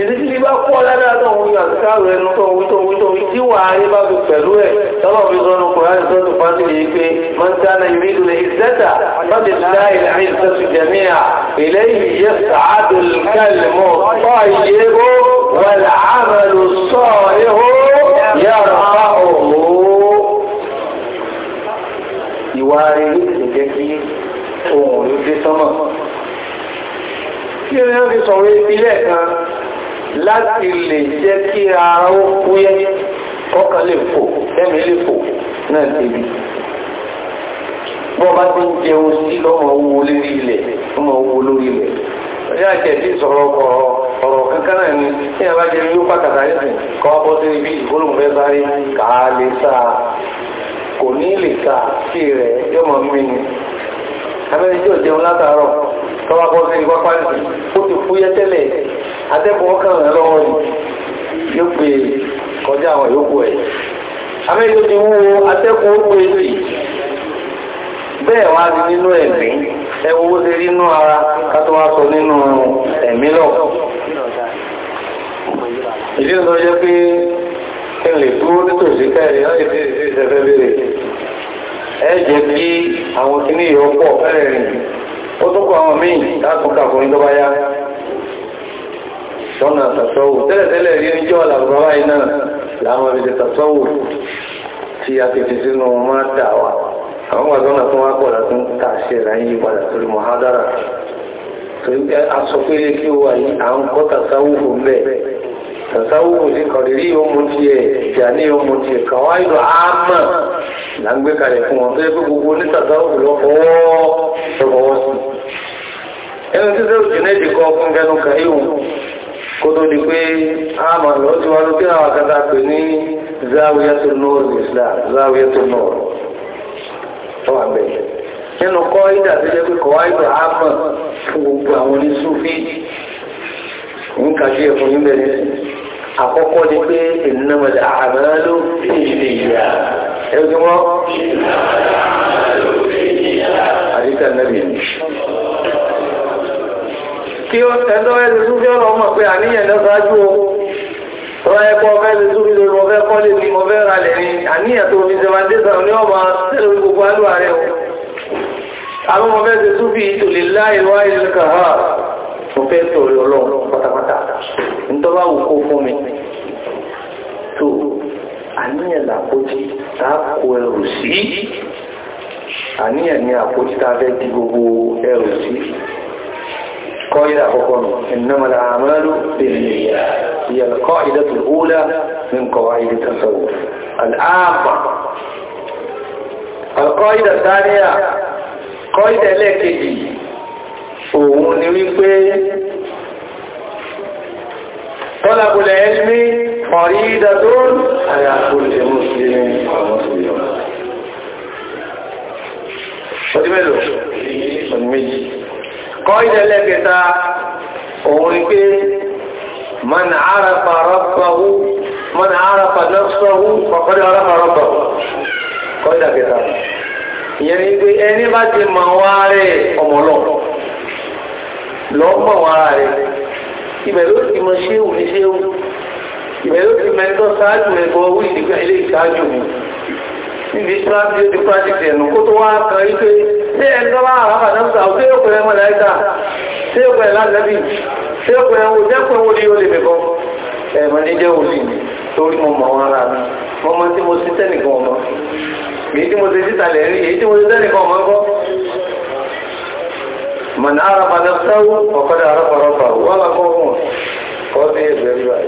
ìdíjí ti bá pọ̀ ládà tó ń yà káàrù ẹnu tó wí tó wí tó wí tí wà á rí bá fi pẹ̀lú ẹ̀ tọ́lọ̀ fi sọ́nu kùránì sọ́tù fásitì yìí pé man kana yuridu al-izzata falillahi al-izzatu jami'a ilayhi yas'adu al-kalimu at-tayyibu wal-'amalu as-salihu yarfa'uhu. ìwà rí ìjẹ́ kí ohun ló dé sọ́mọ̀ kí ni wọ́n fi sọ̀rọ̀ ìpínlẹ̀ kan láti lè jẹ́ kí ara ó fúyẹ́ ọkàn lè fò ẹ̀mí lè fò náà débi bọ́ bá ti ń jẹun sí lọ́mọ owó lórí ilẹ̀ ọmọ owó lórí ilẹ̀ ọjọ́ àti ẹ̀bí sọ̀rọ̀ ọ̀rọ̀ kankan náà ni ní àbá jẹ́ yóò pàtàkì àìsàn kọ́ bọ́ sí ibi ìgbólóhùnfẹ́ sáré kàá lè sáà kò ní lè sáà sí rẹ̀ yọmọ mímu àbẹ́rẹ́ tí ò jẹun látàárọ̀ tọ́wọ́ bọ́ sí ìgbọ́pá ní ó ti fúyẹ́ tẹ́lẹ̀ atẹ́kùn ọkàn rẹ̀ lọ́wọ́ ni yóò pè kọjá àwọn yòókù ẹ̀ àbẹ́rẹ́ tó ti wúwo atẹ́kùn ó pè sí bẹ́ẹ̀ wá sí nínú ẹ̀mí ẹwọ ó ti rí nínú ara ká tó wá sọ nínú ẹ̀mí lọ ìdí ìsọ jẹ́ pé kí n lè dúró nítòsí kẹrin láti ẹ jẹ́ kí àwọn kìíní yìí pọ̀ fẹ́rẹ̀ rìn ó tó kọ àwọn míì látúnkà fún ìjọba yá ṣọ́nà tàṣọ́wò tẹ́lẹ̀tẹ́lẹ̀ rí ẹjọ́ àlàbàbá yìí náà láwọn ẹ̀rẹ̀ tàṣọ́wò tí a ti fi sínú máa dà wà àwọn gbàgbọ́nà tó wá pọ̀ látún tàṣẹ láyé padà sórí mọ̀hádàrà asọ̀pẹ́lẹ̀ kí ó wà ní à ń kọ́ tàṣáwùfù mẹ́ tàṣáwùfù sí kọ̀dìrí là ń gbé kalẹ̀ fún wọn tó yẹ pé gbogbo onítàtàwọ̀ lọ fọwọ́ fọwọ́ sí ẹnu tí sẹ́rù jẹ́ nẹ́ẹ̀dì kan fún gẹnu kan yíò kó tó di pé a mà lọ sí wa lókè àwọn akẹta pè ní záwíyàtò nóòrù Islam záwíyàtò nóòrù ọwà bẹ́ẹ̀ nínú kọ́ ìdà tó jẹ́ pé kọ̀wá ìgbà á mọ̀ fún gbogbo àwọn onísúfí ń kàṣí ẹ̀fún níbẹ̀ ní àkọ́kọ́ ni pé ìnáwọ̀lẹ̀ àmàlú ìjìnlẹ̀ yìí ẹgbẹ́ wọn àdíkà nẹ́bì kí ẹ̀dọ́ ẹ̀sẹ̀ súnfẹ́ ọ̀nà ọmọ pé àníyàn lọ sáájú o wọ́n yẹ kó ọfẹ́ lè súnfẹ́ lórí ọfẹ́ kọ́lé ní ọfẹ́ ralẹ̀ ní àníyàn tó fi sẹ́wà dé sàn ní ọmọ tẹ́lẹ̀ orí gbogbo alú ààrẹ o àwọn ọmọ ẹ̀sẹ̀ súnfẹ́ ìtòlè láì wá ilẹ̀ kàá mo fẹ́ torí ọlọ́run pátápátá ń tọ́ bá wù kó fún mi tó àníyàn làpótí tá a kó ẹrù sí àníyàn ni àpótí tá a fẹ́ di gbogbo ẹrù sí قائد أخوكم إنما الأعمال بالنية هي القاعدة الأولى من قواعد التصوف الأعمى القاعدة الثانية قاعدة لكي òun ni wípé طلب العلم فريدة على كل مسلم ومسلم ودملو ودمجي قائد لك قولك من عرف ربه من عرف نفسه فقد عرف ربه قائد لك يعني ẹni bá ti mọ̀ wá rẹ̀ ọmọ lọ wá rẹ̀ ibẹ̀ ló ti mọ ṣéwù ní ṣéwù ìbẹ̀ ló ti mẹ́tọ́ sáájú ẹ̀kọ́ owó ìdíkà ilé ìsáájú mi níbi sáájú ti pàtìkì ẹ̀nù kó tó wá kan rí pé ṣé ẹ̀tọ́ bá àwárà náà sọ àwọn tó pẹ̀lẹ́ mọ̀láíkà tí ó pẹ̀lẹ́ lágbẹ́bí tí ó pẹ̀lẹ́ wo jẹ́pẹ̀ wo ni ó lè bẹ̀bọ̀ ẹ̀mọ́ ní من عرف نفسه فقد عرف ربه ولا قوم قد يبقى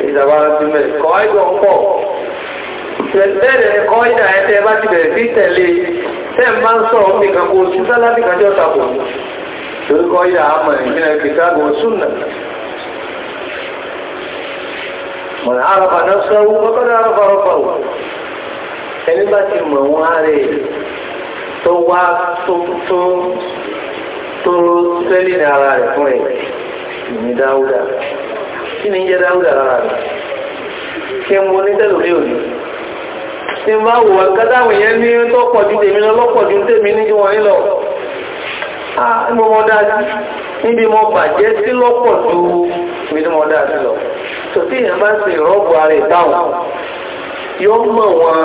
إذا بارت الملك قائد وقوم tẹ̀lẹ̀ ẹ̀kọ́ ìdà ẹ̀tẹ́ bá ti bẹ̀rẹ̀ sí tẹ̀lé tẹ́ máa ń sọ omi kan kó sísá láti kàjọ́ tàbí lórúkọ ìdà àmà ìpínlẹ̀ kìtàbù súnà mọ̀nà àrọ̀bà náà sọ́wọ́ mọ́kànlá àrọ̀bà rọ̀bà wà ẹni bá ti mọ̀ wọ́n á rẹ̀ tó wá tó tó sẹ́lì ní ara rẹ̀ fún ẹ̀ ìní dáúdà kí ni jẹ́ dáúdà lára rẹ̀ kí mo ní tẹ́lò ní òní tí bá wò wọ́n kátàwì yẹn ní tó pọ̀ ju tèmi lọ lọ́pọ̀ ju tèmi ní wọn nílọ mo mọ dáadáa níbi mo bàjẹ́ sí lọ́pọ̀ ju mi ní mo dáadáa lọ tòtí ìyẹn bá ṣe ìrọ́bù ara ìbáwọn yóò mọ̀ wọn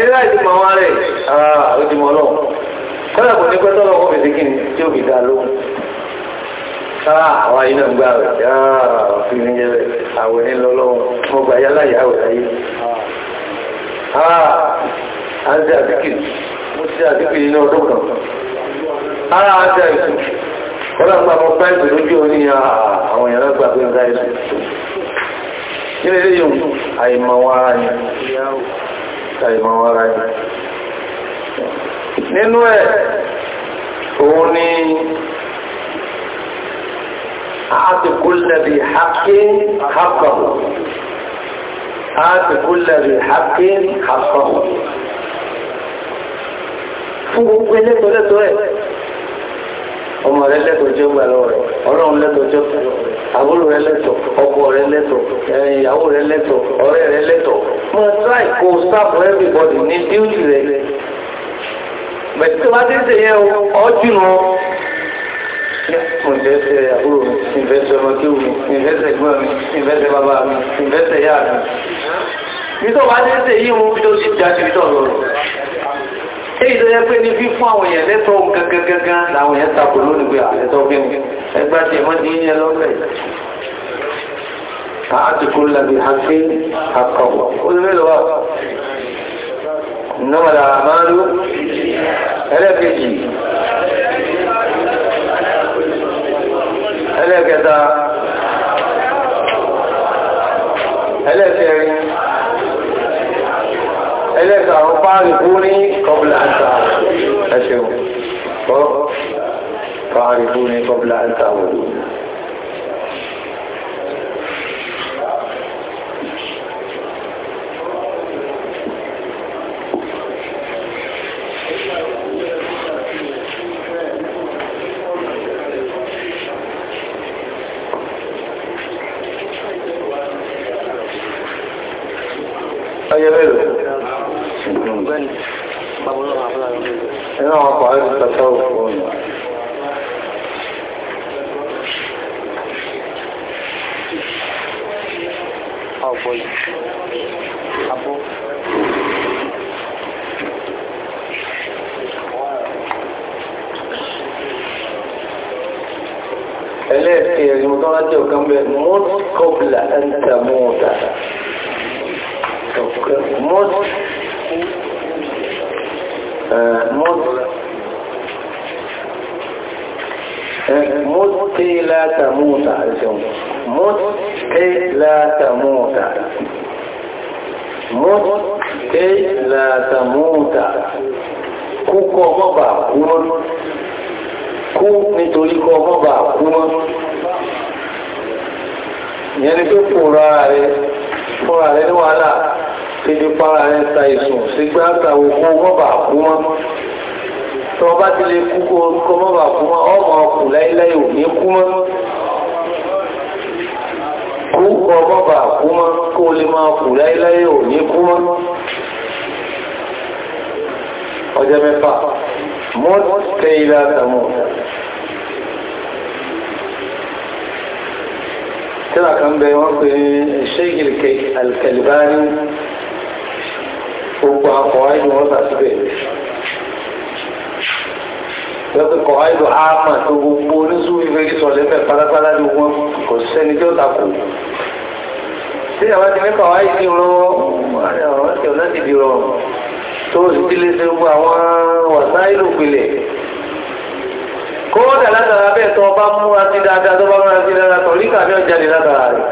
ẹ̀rọ ìdìmọ̀ wọn rẹ̀ ara ìdìmọ̀ náà kọ́lá kò ní pẹ́ tọ́lọ́ kó fèsì kí ni tí ó fi dá lóhùn sára àwọn ayé náà ń gbà rẹ̀ yáà fi ní yẹ àwẹ̀ ní lọ́lọ́wọ́ mo gbà yá láyé àwẹ̀ láyé à ń ṣe àdíkìrì mo ṣe àdíkìrì ní ọdún kan ara ń ṣe kọ́lá ń pàmò pẹ́ǹtì lójú orí àwọn èèyàn gbà pé ń ká ẹ̀sùn nílé ilé yòówù àìmọ̀wọ́ ara ni ara ni nínú ẹ̀ òun ni àtìkú lẹ́bí hákí hákọ̀ọ̀ àtìkú lẹ́bí hákí hákọ̀ọ̀ fún gbogbo ẹlẹ́tọ̀ lẹ́tọ̀ ẹ̀ ọmọ rẹ lẹ́tọ̀ jẹ́ gbà lọ rẹ̀ ọlọ́run lẹ́tọ̀ jẹ́ àbúrò rẹ lẹ́tọ̀ ọkọ rẹ lẹ́tọ̀ ìyàwó rẹ lẹ́tọ̀ ọ̀rẹ́ rẹ lẹ́tọ̀ mọ̀ tíráì kò sáàbù everybody ní díútì rẹ̀ mẹ̀tí wá ti ṣe yẹn ọjùnà ìfẹsẹ̀ àbúrò mi ìfẹsẹ̀ ọmọkéwù mi ìfẹsẹ̀ ẹ̀gbọ́n mi ìfẹsẹ̀ bàbá mi ìfẹsẹ̀ yá mi nítorí wá ti ṣe yíwọ́n tó ti dájú tó lọ́rọ̀ èyí tó yẹ pé ní fífún àwọn èèyàn lẹ́tọ̀ọ́ gangan gangan làwọn èèyàn takò lónìí pé àlẹ́tọ̀ bí mi ẹgbẹ́ àti ẹ̀mọ́ ti yíyan lọ́fẹ̀ àti kò lábẹ́ àti àkọ́wọ́ ó lè lọ́wọ́ إنما الأعمال ألا بالجي ألا كذا ألا كذا ألا تعرفوني قبل أن تعرفوني أشهر تعرفوني قبل أن تعرفوني ọba ti lè kú kó kó mọ́ bàa kú mọ́ ọmọ ọkù láéláé ò ní kú mọ́ kú kó mọ́ bàa kú mọ́ kó lè máa kú láéláé ò ní kú mọ́ ọjọ́ mẹ́fà mọ́tẹ́ ilé àtàmọ́ tíra kan bẹ wọ́n pè ní ṣéyìlì gbogbo àkọ́wájú wọn sàtúbẹ̀rẹ̀ lọ́pẹ́ kọ̀ wáyé lọ àmà tó gbogbo oníṣú ìfẹ́rí sọ̀lẹ̀ mẹ́ pátápátá ní wọn kò sẹ́ni tí ó takò tí àwọn ti mẹ́kọ̀ wáyé ti rọrọ àwọn ti di rọrùn tó sì ti lè ṣe gbogbo àwọn wàsáìlù pilẹ̀ kódà látara bẹ́ẹ̀ tó bá múra sí dáadáa tó bá múra sí dáadáa tó rí kàmí ọjà lè látara rẹ̀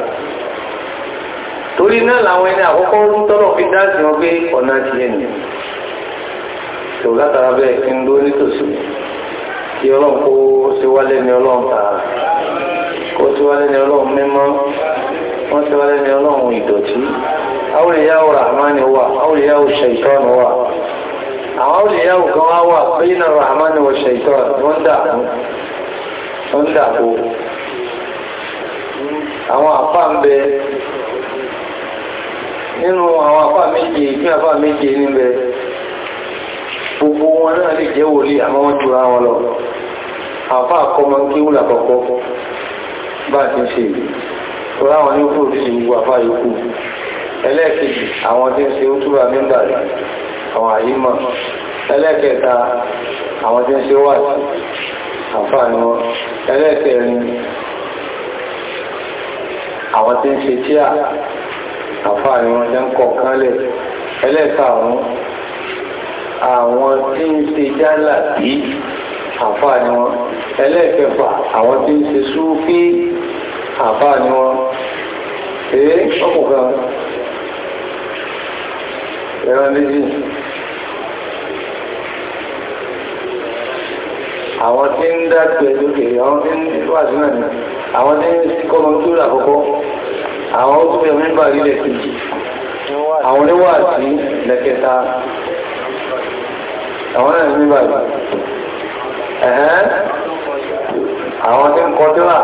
torí náà làwọn ẹni àkọ́kọ́ ń tọ́lọ̀ fi dáàsì wọn pé ọ̀nà ti ẹni kí ọlọ́run kó síwálé ní ọlọ́run tààrà kó síwálé ní ọlọ́run mímọ́ wọ́n síwálé ní ọlọ́run ìdọ̀tí awòlìyáwó rahmani wà awòlìyáwó shaitan wà àwọn awòlìyáwó kan wá wà bẹ́yìn rahmani wà shaitan wọ́n dàbò àwọn àpá ń bẹ nínú àwọn àpá méje kí àpá méje níbẹ̀ gbogbo wọn náà lè jẹ́ wòlíì àmọ́ wọ́n jura wọn lọ àfa àkọ́mọ kéwù làkọ́kọ́ bá a ti ń ṣe yìí tora àwọn ní òfúrò ti gbogbo àfa yòókù ẹlẹ́ẹ̀kejì àwọn tí ń ṣe òtúra nígbà rẹ̀ àwọn àyímọ̀ ẹlẹ́ẹ̀kẹta àwọn tí ń ṣe wà sí àǹfààní wọn ẹlẹ́ẹ̀kẹrin àwọn tí ń ṣe tíà àǹfààní wọn jẹ́ ń kọ̀ kánlẹ̀ ẹlẹ́ẹ̀karùn-ún àwọn tí ń ṣe jálà bí àfáà ni wọn ẹlẹ́ẹ̀kẹfà àwọn tí ń ṣe súfí àfáà ni wọn èé ọkùnkan ẹran méjì àwọn tí ń dájú ẹ lókè àwọn tí ń wà sí náà ni àwọn tí ń kọ́ ọmọ tó rà kọ́kọ́ àwọn tó fẹ́ mẹ́bàá rí lẹ́kẹ̀ẹ́jì àwọn oníwà lẹ́kẹta àwọn náà ní báyìí ẹ̀hẹ́n àwọn tí ń kọ tíra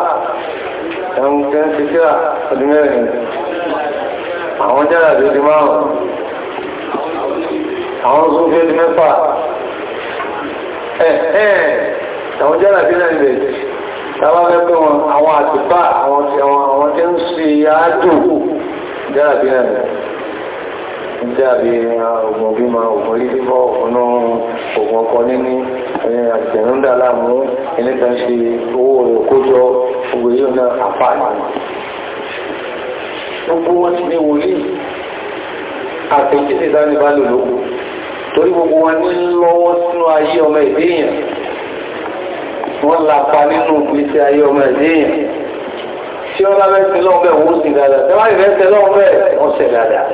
ẹ̀hún tí ń ti tíra ọdún mẹ́rin àwọn jára bí di márùn àwọn sófin ọdún mẹ́fà ẹ̀hẹ́n àwọn jára bí náà lè sábà fẹ́ pé wọn àwọn àtìpá àwọn tí ń ṣe àádùn jára bí náà lè dàbí oògùn bímọ oògùn orí bíbọ́ oògùn oògùn ọkọ níní àtẹ̀rúndà láàmú ẹlẹ́ta ṣe owó rẹ̀ kójọ oògùn yóò náà àpáàlà gbogbo wọn ti ní wòlíì àtẹ̀jí ti dání bá lò lóko torí gbogbo wọn ní lọ́wọ́ sínú ayé ọmọ ìdíyàn wọ́n lapa nínú ìgbésí ayé ọmọ ìdíyàn tí wọ́n lábẹ́ sí lọ́wọ́ bẹ́ẹ̀ wọ́n sì dáadáa tẹ́wàá ìrẹsẹ̀ lọ́wọ́ bẹ́ẹ̀ wọ́n sẹ̀ dáadáa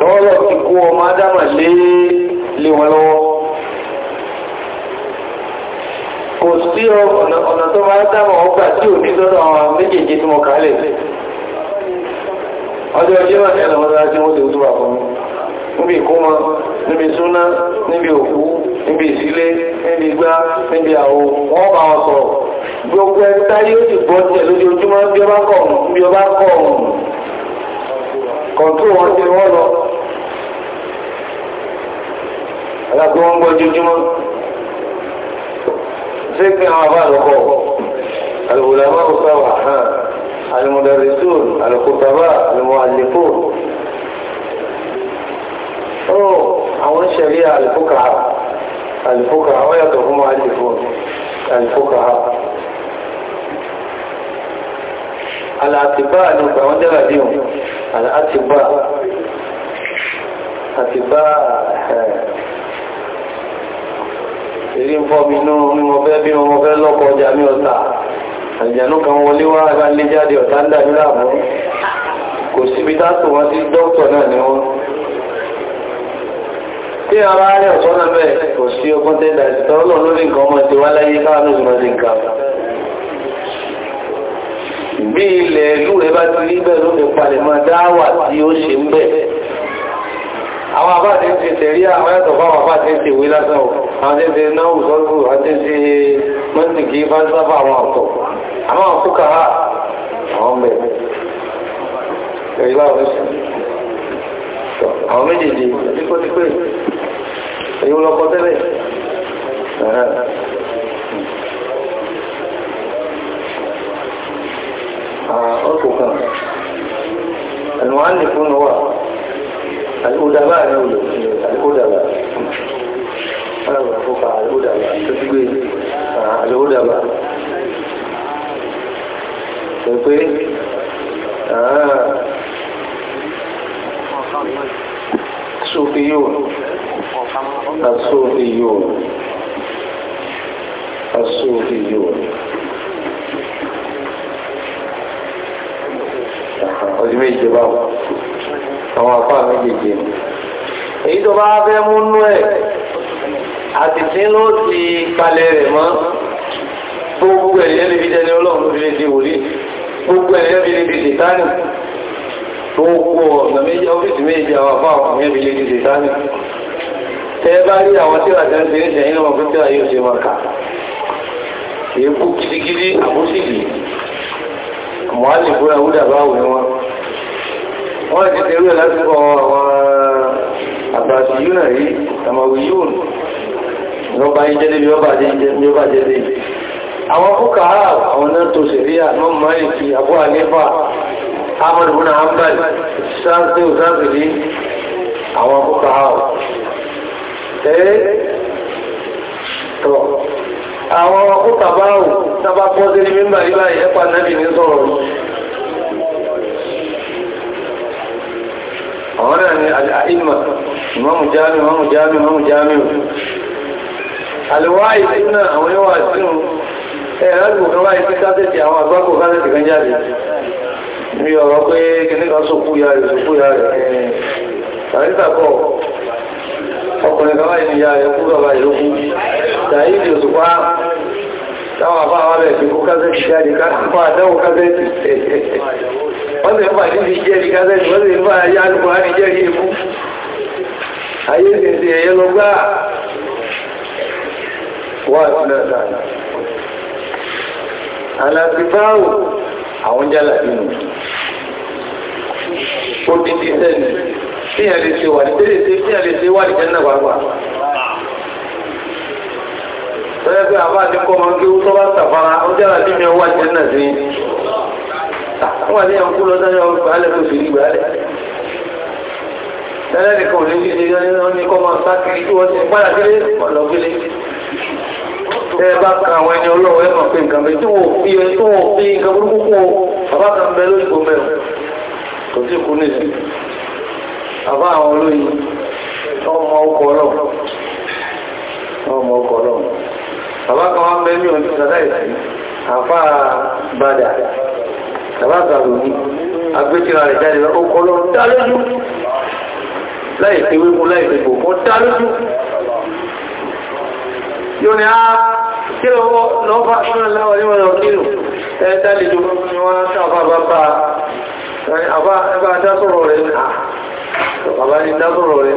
tọ́wọ́lọ́ ti kó ọmọ adámà lé lé wọn lọ́wọ́ kò sí ọ̀nà tó máa dámà ọgbà tí ò ní sọ́dọ̀ àwọn méjèèjì tí mo kàálẹ̀ ọjọ́ ọjọ́ máa ní ẹ̀lọ́mọ́dá tí wọ́n ti wútúbà fún níbi ìkómọ níbi súná níbi òkú níbi ìsílé níbi igbá níbi àwọ wọ́n bá sọ̀rọ̀ kọ̀ǹtò wọn ti wọ́n lọ alágbó wọn gbọ́ ojoojúmọ́ ṣé kí àwọn àbá àlọ́kọ̀ alùwòlámọ́ òṣàwà hàn alùmọ̀dàrẹ́sùn alùkùtàbà alùmọ̀àlẹ́fọ́ ó àwọn ṣẹlẹ̀ àlùfọ́kà àlùfọ́kà wọ́n yàtọ̀ fún àlùfọ́ àlùfọ́kà alàtìbá àlùfọ́ àwọn jẹ́ àtibá àtibá èrí ń fọ́ mi inú ní mo fẹ́ bí mo fẹ́ lọ́kọ̀ ọjà mi ọ̀tà àjànú kan wọlé wá ara lé jáde ọ̀tá ń dà ní láàmú kò síbi tásù wọn sí dókítọ̀ náà ni wọ́n tí a bá rí ọ̀sán náà bẹ́ẹ̀ kò sí ọgbọ́n tẹ́lẹ̀ àti tọ́lọ́ lórí nǹkan ọmọ ti wá láyé káwọn oṣù mọ́ sí nǹkan bí ilẹ̀ ìlú rẹ̀ bá ti rí bẹ́ẹ̀ ló fi palẹ̀ máa dáwà tí ó ṣe ń bẹ̀ àwọn àbá ti ń ṣe tẹ̀rí àwọn ẹ̀tọ̀ fáwọn àbá ti ń ṣe ìwé lásán àwọn ti ń ṣe náà sọ́gbù àti ṣe mọ́sìkì fásáfà àwọn ọ̀tọ̀ àwọn àkókà àwọn mẹ́rin ẹ̀rí báwọn àwọn méjèèjì tí kò ti pé أطلقا المؤلف هو الأدباء الأدباء الفقهاء الأدباء التدبير الأدباء التدبير الصوفيون الصوفيون الصوفيون ojú méje báwo àwọn apá méjèèjì èyí tó bá fẹ́ mú nú ẹ̀ àtìsín ló ti palẹ̀ rẹ̀ mọ́ gbogbo ẹ̀yẹ́ níbi jẹni ọlọ́run fi lè di wòlíì gbogbo ẹ̀yẹ́ fi lè di sètánì gbogbo ọ̀nà méjì ọ́fíìsì méjì àwọn apá àwọn ẹ̀yẹ́ fi lè di sètánì tẹ́ bá rí àwọn tíra tẹ́ ń ṣe níṣẹ́ nínú ọkùnrin tíra yóò ṣe máa kà èébú gidigidi àbúṣìgì mọ̀álì búra wúdà bá wù wọn wọ́n ti tẹ̀rù ẹ̀ lásìkò àwọn àgbàṣì yìí náà rí àmàwì yìí lọ́ba yìí jẹ́lé lọ́ba jẹ́lé àwọn fúkà àwọn náà tó sẹ̀ríyà náà Málíkì Abu Hanifa Ahmad bin Hanbal sáńsẹ́ òsáńsẹ́lé àwọn fúkà ẹ̀ tọ́ àwọn kókàbáwò sábà fọ́ sí ní mímbà yí báyìí ẹ̀pà nẹ́bì ní sọ̀rọ̀ àwọn náà ni àìmà ìmọ̀mù jámi ìmọ̀mù jámi ìmọ̀mù jámi àlèwà ìsúná àwọn yíwà sínú ẹ̀rọ ìgbòkan báyìí sí kásẹ̀tì àwọn àgbákò kásẹ̀tì kan jáde ní ọ̀rọ̀ pé kìnníkà sókú ya rẹ̀ ya rẹ̀ ṣàríkàkọ́ ọkùnrin kan báyìí ni táwọn àbá wa bẹ̀rẹ̀ kó kásẹ̀tì jáde káàkiri àdáwò kásẹ̀tì wọ́n sì ń fà níbi jẹ́rì kásẹ̀tì wọ́n sì ń fà ayé alùpùpù á ní jẹ́rì ikú ayé ìdèdè ẹ̀yẹ lọ gbá wà lọ́dà alábíbáwò àwọn jálà nínú ó ti ti sẹ́ni tí a lè ṣe wà ní tẹ́lẹ̀ tí a lè ṣe wà ní jẹ́ náà wà wà lọ́yẹ́ pé àbá àti kọ́ máa ń kéwú tó bá sàfara ó jẹ́ àti mi wá jẹ́ náà sí i wọ́n àti yàn kú lọ sáyà ọgbà alẹ́ tó fi rí gbà alẹ́ tẹ́lẹ̀ nìkan ò ní fi ṣe yẹn wọ́n ní kọ́ máa sá kiri kí wọ́n ti padà délé lọ gbélé tẹ́ ẹ bá kan àwọn ẹni ọlọ́wọ́ ẹ mọ̀ pé nǹkan bẹ́ẹ̀ tí wọ́n fi ẹ tí wọ́n fi nǹkan burúkú kú o bàbá kan bẹ lóyìnbó mẹ́rin kò sí kú nìsí bàbá àwọn olóyin ọmọ ọkọ̀ ọlọ́run ọmọ ọkọ̀ ọlọ́run bàbá kan wá bẹ́ ní ọjọ́ ìsàdá ìsìn àfá bàdà bàbá àgbàrò ní agbétíra rẹ̀ jáde ó kọ́ lọ dá lójú láì fi wípú láì fi bò kọ́ dá lójú yóò ní á kí lọ́wọ́ lọ́fà fún aláwọ̀ ní wọn nínú ẹ̀ẹ́dá lè jọ ní wọ́n sáfà bá bá àbá ẹgbà dásọ̀rọ̀ rẹ̀ ní àbá ní dásọ̀rọ̀ rẹ̀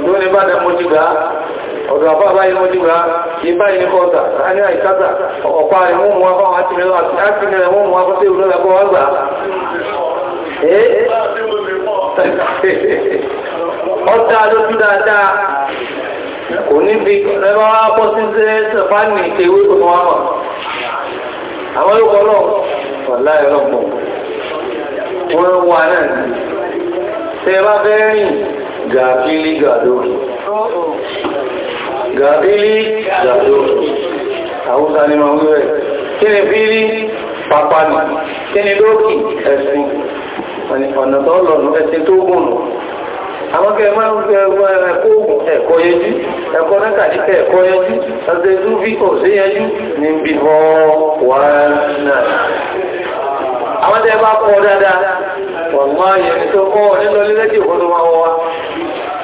Oǹdó ní bá dẹmọ́ ti gbà ọ̀dọ̀ àbá báyìí mọ́ ti gbà ìbá yìí kọ́ta ní àìkáta ọ̀pá ìmúhùn wọn fáwọn àti mẹ́lá àti mẹ́lẹ̀ wọ́n mú wọn fọ́tẹ́ ìlú lẹ́kọ́ wọ́n gbà. Ọ̀tá lójú dáadáa kò níbi ẹgbẹ́ wá bọ́ sí sẹ́fánì ìtẹ̀wé kò wọ́n mọ̀. Àwọn yóò kọ́ lọ́wọ́ ọ̀lá ẹ̀rọ pọ̀. Wọ́n wà náà. Tẹ́ bá fẹ́ rìn ga fili ga doki ga fili ga doki àwúsá ni máa ń rẹ̀ kí ni fili pàpàlì kí ni doki ẹ̀sìn ọ̀nà tó lọ̀nù ẹ̀sìn tó gùn àwọn kẹ máa ń fẹ́ ẹ̀kọ́ ẹ̀kọ́ yẹjú ẹ̀kọ́ nákàdíkẹ́ ẹ̀kọ́ yẹjú ọdẹ́dú bí kò sí yẹjú ní bí wọ́n wà náà àwọn tẹ́ bá kọ́ dáadáa wàmọ́ yẹn tó kọ́ nínú lílẹ́jì òkúrò wọn wá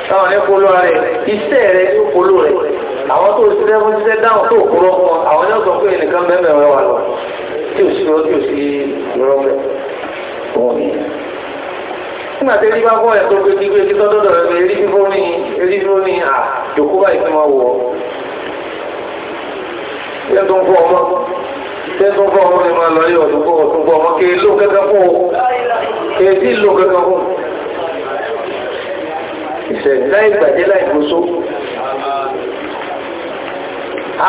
táwọn ní polú rẹ̀ iṣẹ́ rẹ̀ ní polú rẹ̀ àwọn tó ṣiṣẹ́ fún ṣiṣẹ́ dáhùn tó kúrò wọn àwọn náà sọ pé nìkan mẹ́mẹ́rẹ́ wà lọ tí ò sí ọ tí ò sí ìrọ́ mẹ́ wọn ni. nígbà tí erí bá fọ́ ẹ̀ tó gbé gbígbé tí tọ́dọ̀dọ̀ rẹ̀ erí fífọ́ ṣe tó bọ́ ọmọ ẹ̀mọ́ lọ yọ ọdún bọ́ ọdún bọ́ ọmọ kí ló kẹ́kẹ́ fún o kí tí ló kẹ́kẹ́ fún ìṣẹ̀dá ìgbàjẹ́ láì gbóso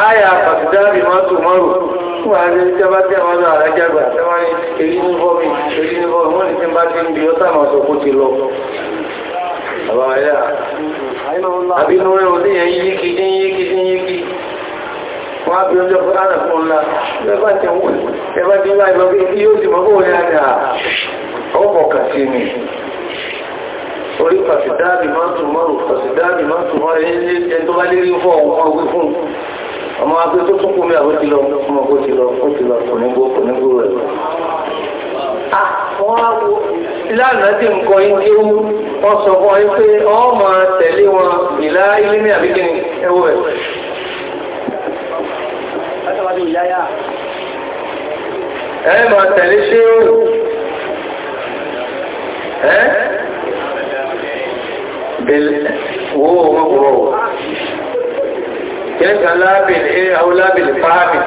àyà pàtàkì máa tó mọ́rù fún àti ìjọba tí àwọn ọ̀dọ́ àrẹ jágbà tẹ́wọ́n ní èyí ní bọ́ mi èyí ní bọ́ mi wọ́n ní tí àbínú rẹ̀ òdíyàn yíkí yíkí yíkí wọ́n á fi ọjọ́ fún ààrẹ fún ọlá ẹbá ti wọ́n ẹbá ti wá ìlọ bí i yóò ti mọ́kó rẹ̀ àdá ọkọ̀ kàtí mi orí pàṣídáàbì máa tún mọ́rù pàṣídáàbì máa tún mọ́rù ẹni tó bá lé rí fún ọmọ ogun fún ọmọ agbé tó tún kú mi nǹkan ìdí ewu wọ́n sọ ọmọ tẹ̀lé wọn ìlà ilé ní àbíkíni ẹwọ́ rẹ̀ ẹ máa tẹ̀lé ṣé ó ẹ́ bẹ̀lẹ̀ wo ọmọkùnrin ọ̀ kìnnìkan láàbìn ẹ àwọn láàbìn fáàbì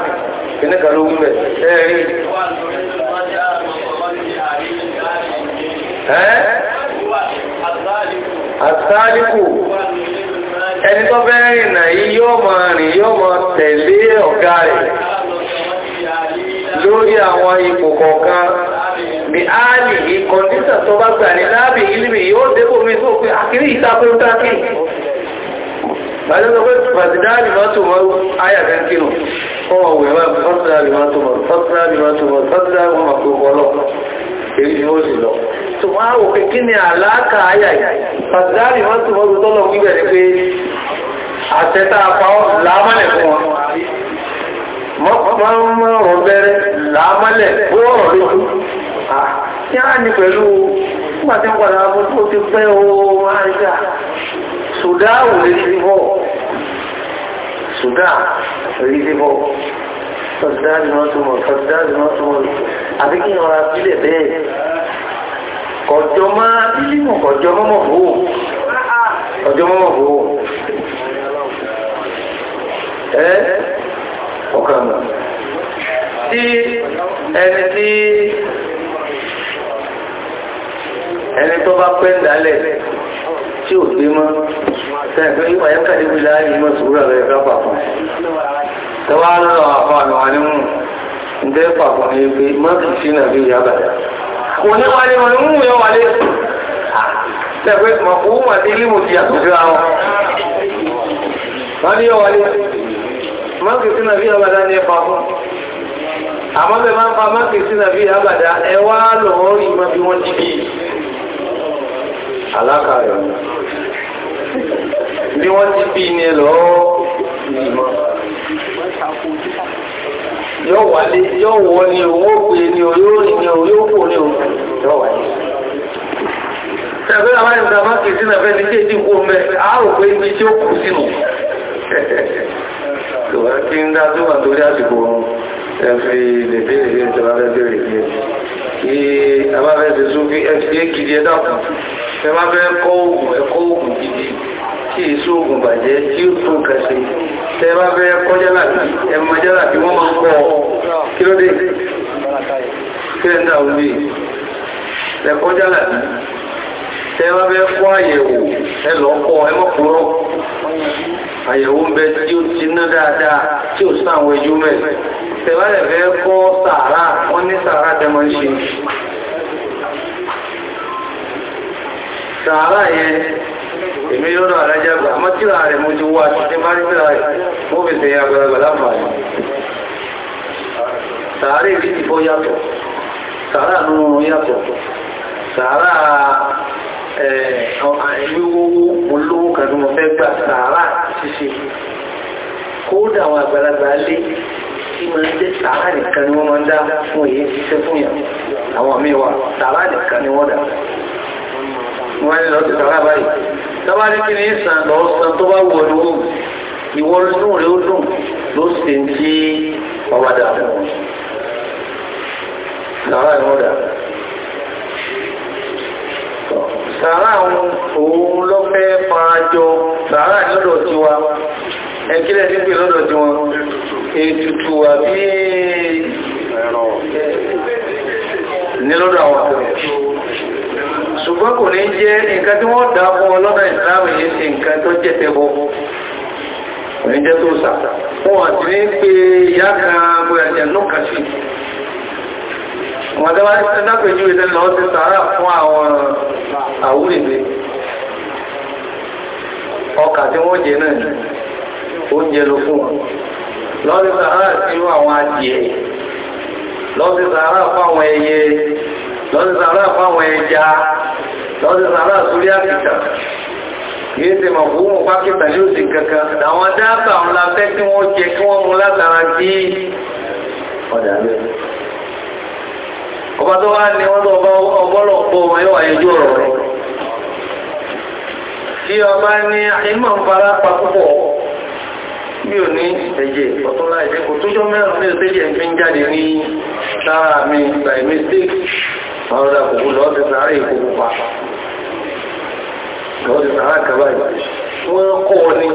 kìnnìkan ló ń bẹ̀ ẹ rí ẹ́ àtàlíkù ẹni tó fẹ́ rìnà yìí yóò máa rìn yóò máa tẹ̀lé ọ̀gá rẹ̀ lórí àwọn ipò kọ̀ọ̀kan bí áàlì ìkọ̀ndíṣà tó bá gbà ní láàbì ìlìmì yóò débò mi tó pé àkírí ìtàkùn tákì Bàjọ́sọ pé Bàtìdáàlì máa tó mọ́rú ayàfẹ́ kínú, ọmọ òwe máa fọ́sílá lè máa tó mọ́rú, fọ́sílá lè máa tó mọ́rú, fọ́sílá lè máa tó mọ́rú, èyí ni ó sì lọ tó wá wò pé kí ni àlákà àyà yìí pàtàkì wọ́n tún mọ́rú tọ́lọ̀ wíbẹ̀ ni pé àtẹ́tà apáwọ́ làámọ́lẹ̀ fún wọn mọ́rún bẹ́rẹ̀ làámọ́lẹ̀ gbọ́ọ̀rọ̀ lójú tí a ní pẹ̀lú nígbà tí ń padà bó tó ti pẹ́ ooo àìsà sùdáàwò lè ti bọ̀ sùdáà lè ti bọ̀ sọ̀dáàdì wọ́n tún mọ̀ sọ̀dáàdì wọ́n tún mọ̀ àbí kí wọn ra sílẹ̀ bẹ́ẹ̀ kọjọ́ máa bílímù kọjọ́ mọ́mọ́ fò ó kọjọ́ mọ́mọ́ fò ó ẹ ọkàn mọ̀ tí ẹni tí ẹni tó bá pẹ́ ń dálẹ̀ tí ò gbé mọ́ sẹ́yìn pé ìwà yẹn yìí mọ́ sùúrù àbẹ̀yẹ̀ kápá fún un lọ́wọ́ àfọ̀ àlọ́wọ́ ni mú ǹjẹ́ pàpọ̀ ní pé má fi sí nàbí ìyá bàdà kò ní wálé wọn mú yẹn wálé tẹ̀pẹ́ mọ̀ kó wà sí ilé mòtì àtúnṣe àwọn wọn ní yọ wálé má fi sí nàbí ìyá bàdà ní ẹ̀pà fún àmọ́ bẹ́ẹ̀ máa ń pa má fi sí nàbí ìyá bàdà ẹ wá lọ́ọ́ rí má bí wọ́n jí bí alákàyọ̀ bí wọ́n ti bí ní lọ́ọ́ yóò wálé yóò wọ ni o wọ́n gbé ni o yóò rìn ni o yóò kó ni o yóò wálé. Ṣẹ̀fẹ́ àwọn ìgbà máa kì í sínú ẹ̀fẹ́ ní kí èdè kó mẹ́ àárò pé ibi tí ó kù sínú. Ṣùgbọ́n kí ń dá tó wà torí àsìkò ẹ̀fì lèbí lèbí ní tẹ́lá fẹ́ bẹ̀rẹ̀ yìí. Kí a bá fẹ́ ṣe sún kí ẹ̀fì kìdí ẹ̀dá kan. Ṣẹ bá fẹ́ kọ́ òògùn ẹ̀kọ́ òògùn gidi tí èso ogun bàjẹ́ tí ó tó kẹsẹ̀ tẹ bá fẹ́ kọ́ jálàbí ẹmọ jálàbí wọ́n máa ń kọ́ kí ló dé kẹ́ńdà omi ẹkọ́ jálàbí tẹ bá fẹ́ kọ́ àyẹ̀wò ẹlọ́kọ́ ẹmọ́kúrọ́ àyẹ̀wò ń bẹ tí ó ti ná dáadáa tí ó sáwọn ẹjú mẹ́ tẹ yẹn èmi lọ́dọ̀ alájàgbà àmọ́ tíra rẹ̀ mo ti wá ti bá ní tíra rẹ̀ mo fi ṣe àgbàlagbà láǹfààní sàárè ìrìsì fọ́ yàtọ̀ sàárà nínú yàtọ̀ sàárà ìwíwó olówó kan tí mo fẹ́ gbà sàárà ṣíṣe kódà àwọn àgbàlagbà lé tí ma ń jẹ́ tààrà nìkan ni wọ́n máa ń dá fún èyí ṣiṣẹ́ fún yàn àwọn àmì wa tààrà nìkan ni wọ́n dá wọ́n ní lọ́sẹ̀ tọ́lá báyìí tọ́lá ní kí ni ìsàn lọ san tó bá wù ọ́ lówó ìwọ inú rẹ ó dùn ló sì ń tí ọba dà fún un sàrà ìwọ́n dà lọ́dọ̀ àwọn àtẹ̀wọ̀n ṣùgbọ́n kò ní jẹ́ nǹkan tí wọ́n dá fún ọlọ́dọ̀ ìsìláàmù yìí ṣe nǹkan tó jẹ́ tẹ́bọ̀ kò ní jẹ́ tó sà wọ́n àti ní pé ìyá kan bó ẹ̀jẹ̀ ló kà sí wọ́n dábàá ṣe dápẹ́jú ìṣẹ́ lọ sí sàárà fún àwọn àwúrìgbé ọkà tí wọ́n jẹ náà oúnjẹ ló fún wọn lọ́sí sàárà sí àwọn adìẹ lọ́sí sàárà fún àwọn ẹyẹ lọ́sí sàárà fún àwọn ẹja lọ́dún sàrà sórí àkìtà kìí ṣe mọ̀ fún òun pákítà yóò ṣe kankan àwọn dáàbà ń la fẹ́ tí wọ́n jẹ kí wọ́n mú látara kí ọ̀dà bẹ́ẹ̀. ọba tó wá ní wọ́n tó ọbọ́lọ̀pọ̀ wọn yóò wáyé jù ọ̀rọ̀ rẹ̀. tí ọba ní ìmọ̀ ń fara pa púpọ̀ mi ò ní ẹ̀jẹ̀ ọ̀tún láì jẹ́ kò tójọ́ mẹ́rin ní ìṣẹ́jẹ̀ ń fi ń jáde ní sára mi by mistake àwọn ọ̀dà kòkó lọ́wọ́ ti sàárè ìkókó pa lọ́wọ́ ti sàárè kaba yìí wọ́n kọ́ ọ ní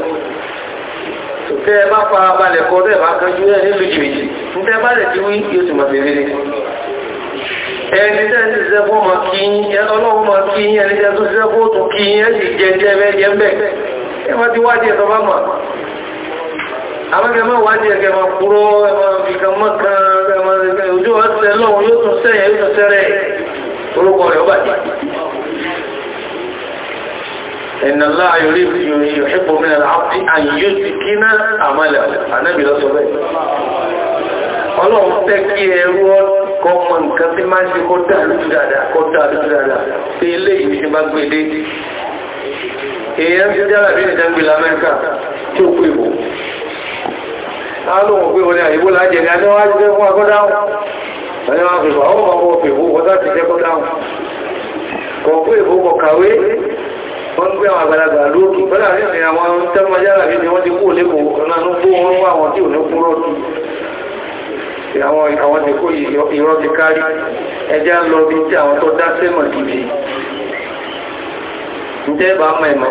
tẹ́ ẹ bá fa balẹ̀ kọ́ tẹ́ ẹ bá kanjú ẹ ní méjìméjì ní tẹ́ bá lẹ̀ tí wí yóò ti máa bèèrè ẹni tẹ́ ti ṣiṣẹ́ fún ọmọ kí ọlọ́run máa kí ẹni tẹ́ tó ṣiṣẹ́ fún òtún kí ẹ sì jẹ jẹ bẹ́ jẹ bẹ́ ẹ máa ti wádìí ẹ̀tọ́ bá mà àmọ́kẹ́ máa wádìí ẹ̀kẹ́ máa kúrò ẹ máa fi kan mọ́ kan ojú ọ̀sẹ̀ lọ́run yóò tún sẹ́yìn yóò tún sẹ́rẹ̀ orúkọ rẹ̀ ó bàjẹ́. Inna Allaha yuhibbu mina al-'abdi an yuzkina amalahu ànábì lọ́sọ bẹ́ẹ̀. Ọlọ́run fẹ́ kí ẹrú ọkọ̀ ọmọ nǹkan tí máa ń ṣe kó dà lójú dáadáa kó dà lójú dáadáa tí eléyìí ti bá gbé dé. Èèyàn ti dára bí nìkan gbé l'Amẹ́ríkà tí ó pè wò. Á lóun pé wọlé àyíwó lájẹ̀ ní adéwájú fún akọ́dáhùn ẹni wọn fi wà ó ọmọ òfin ìwò wọ́n láti jẹ́ kó dáhùn kọ̀ọ̀kú ìbò kọ̀ kàwé wọ́n gbé àwọn àgbàlagbà lókè bọ́lá rí ìrìn àwọn tẹ́lọmọjára mi ni wọ́n ti kú lẹ́kọ̀ọ́ ọ̀nà ló kó wọn wá àwọn tí ò ní kú rọ́ọ̀tù àwọn ti kó ìrọ́ ti kárí ẹjẹ́ ń lọ bí tí ìmọ̀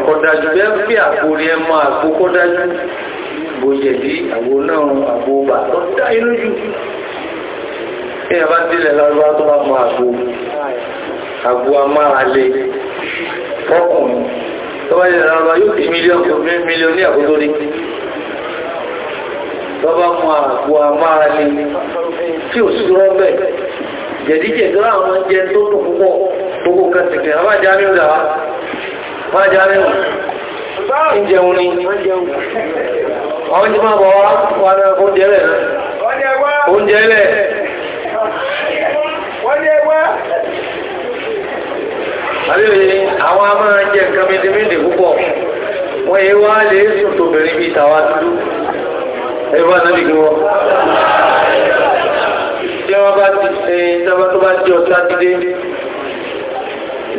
kọ́ dájú bẹ́ẹ̀ bí àkórí ẹ mọ àgbo kọ́ dájú bòyẹ̀dí náà àgbo tó dá inú jù tí ẹ bá délẹ̀ lọ́wọ́ tó bá mọ àgbo àgbo amárale fọkùnrin tó bá délẹ̀ lọ́wọ́ yóò fi mílíọ̀nù mílíọ̀nù ní àkótó rí tó bá mọ àgbo amárale tí ò sí rọ́bẹ̀ jẹ̀díjẹ̀ tó láwọn oúnjẹ tó tó púpọ̀ gbogbo kan sì kìí àbájá ní ọ̀dà wa àbájá ọ̀dà wá oúnjẹ lẹ̀ oúnjẹ lẹ̀ àbí àwọn a máa jẹ nǹkan mẹ́tẹ́mẹ́tẹ́ púpọ̀ wọ́n yẹ wá lè sùn tóbìnrin bíi tàwa dúdú ẹgbẹ́ náà lè wọ́n. tí wọ́n bá ti sin sábà tó bá jẹ́ ọ̀tá dídé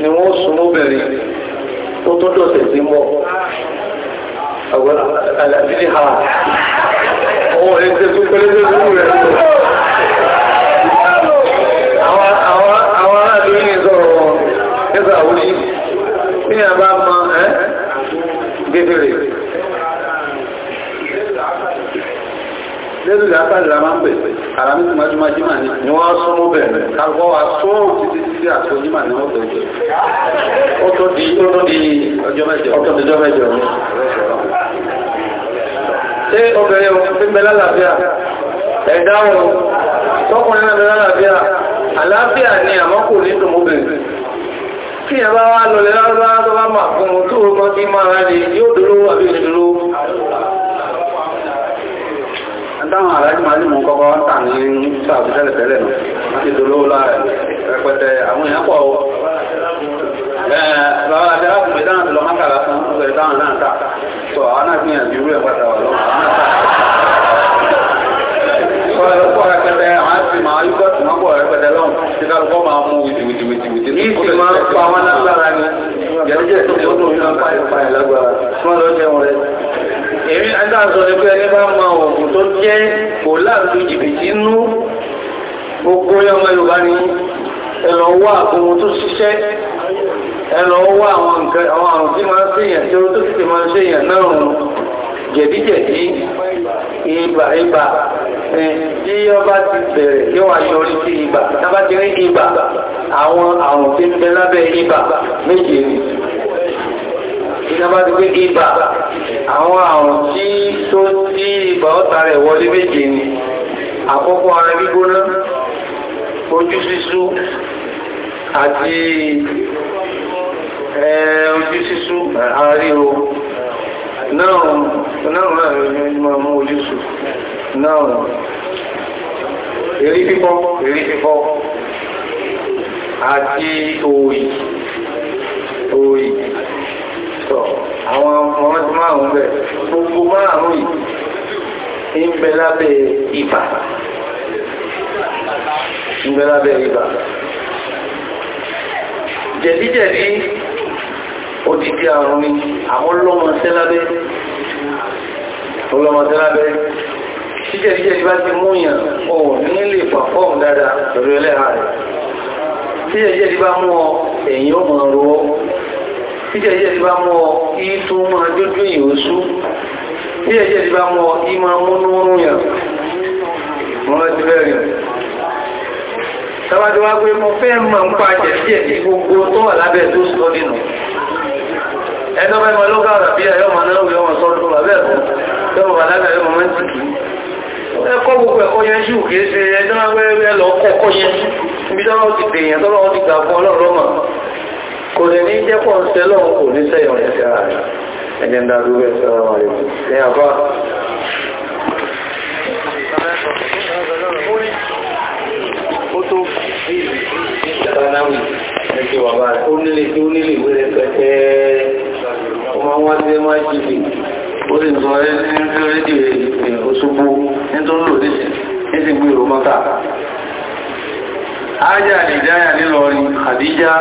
ni wọ́n sùn lóbìnrin tó tó dọ̀tẹ̀ sí mọ́ àwọn àlàbílẹ̀ ha ọ̀hún ẹ̀ ń tẹ́tú pẹ́lẹ́tẹ́ fún rẹ̀. ìyàwó sí ní àbá mọ ẹ́ gẹ́gẹ́rẹ́ lẹ́nu ìdásáàlì la máa ń pèsè àràmí tí máa jùmọ́ jímà ní ni wọ́n sún mú bẹ̀rẹ̀ kálùkọ́ wa sún títí títí àtò jímà ní wọ́n tẹ̀lé ó tó di ó di ọjọ́ mẹ́jọ ó di obìnrin òfin bẹ lálàáfíà ẹ̀dá wọn tọkùnrin náà bẹ lálàáfíà àlàáfíà ni àmọ́ ní tòmóbìnrin kí ẹ bá wá lọlẹ̀ lọ́wọ́ tó bá máa fún un tó mọ́ kí máa rẹ̀ yóò dúró àbí ìdúró. Àtàwọn aláàjì máa ní mú kọ́kọ́ tà ní sáàbù tẹ́lẹ̀ tẹ́lẹ̀ náà ti dúró láàrẹ̀ rẹpẹtẹ àwọn èèyàn pọ̀ wọ́. Bàbá àti aláàbùnmí dáhùn ti lọ mọ́kà lásán, ó bẹ̀rẹ̀ dáhùn náà tà. Sọ àwọn rẹ̀ pátá àwọn àti màá yúgọ̀tì yìí ti máa ni ìyàwójẹ́ tó kọ́ tó máa ń pa ìpa ẹ̀ lágbára tí wọ́n lọ jẹun rẹ̀. èmi adáàzọ ni pé ẹni bá máa oògùn tó jẹ́ kò láàbù jìbìtì nú gbogbo ọmọ Yorùbá ni ẹ̀rọ wá ohun tó ṣiṣẹ́ ẹ̀rọ wá àwọn nǹkan àwọn àrùn tí máa ń ṣèyàn tí ó tó sì máa ń ṣèyàn náà jẹ̀díjẹ̀dí ibà tí ọba ti bẹ̀rẹ̀ yóò wá yọrí sí ibà tábà ti rí ibà àwọn àrùn tí ń bẹ lábẹ́ ibà méje ni ìjọba ti pé ibà àwọn àrùn tí tó tí ibà ọ̀tá rẹ̀ wọlé méje ni àkọ́kọ́ ara gbígbóná ojú sísú àti ojú sísú àríro náà náà náà mú ojú sùn náà èrí fífọ́ èrí fífọ́ àti òòyì òòyì tọ̀ àwọn ọmọ tí márùn-ún bẹ̀ gbogbo márùn-ún yìí ń bẹ lábẹ́ ibà ń bẹ lábẹ́ ibà jẹ̀díjẹ̀dí odidi àrùn ni àwọn ọlọ́mọ sẹ́lábẹ́ ọlọ́mọ sẹ́lábẹ́ jíjẹ̀jíjẹ̀ bá ti mú yàn ọ̀wọ̀ ní lè pàfọ́ọ̀mù dáadáa pẹ̀lú ẹlẹ́ha rẹ̀ jíjẹ̀jíjẹ̀ ti bá mú ọ ẹ̀yìn ó mọ̀ ọ̀rọ̀ jíjẹ̀jíjẹ̀ ti bá mú ọ yìí tún máa dójú èyàn oṣù jíjẹ̀jíjẹ̀ ti bá mú ọ yìí máa múnú rún yàn wọ́n lọ ti bẹ́ẹ̀ rẹ̀ tọ́wájú wá pé mo fẹ́ mọ̀ ń pa jẹ̀jíjẹ̀ ti gbogbo tó wà lábẹ́ tó sọ nínú ẹjọ́ bẹ́ẹ̀ ló gbà ẹ̀yọ́ mọ̀ náà wíwọ́n sọ́dún bàbẹ́ ẹ̀kọ́ yọ́mọ̀ bàlágà yọ́mọ̀ mẹ́tìkì ẹkọ́ gbogbo ẹ̀kọ́ yẹn kìí ṣe ẹjọ́ wẹ́rẹ́ lọ kọ́kọ́ yẹn ibi tọ́lọ́ ti dèèyàn tọ́lọ́ ti gbà fún kò lè ní jẹ́pọ̀ ń kò ní sẹ́yìn rẹ̀ sí ó sì ń sọ ẹ́ ní rédíò Òṣogbo nítorí lò níṣẹ́ ní sì gbé ìrọmọ́ta ájá nìdáyà nílọrin àdíjá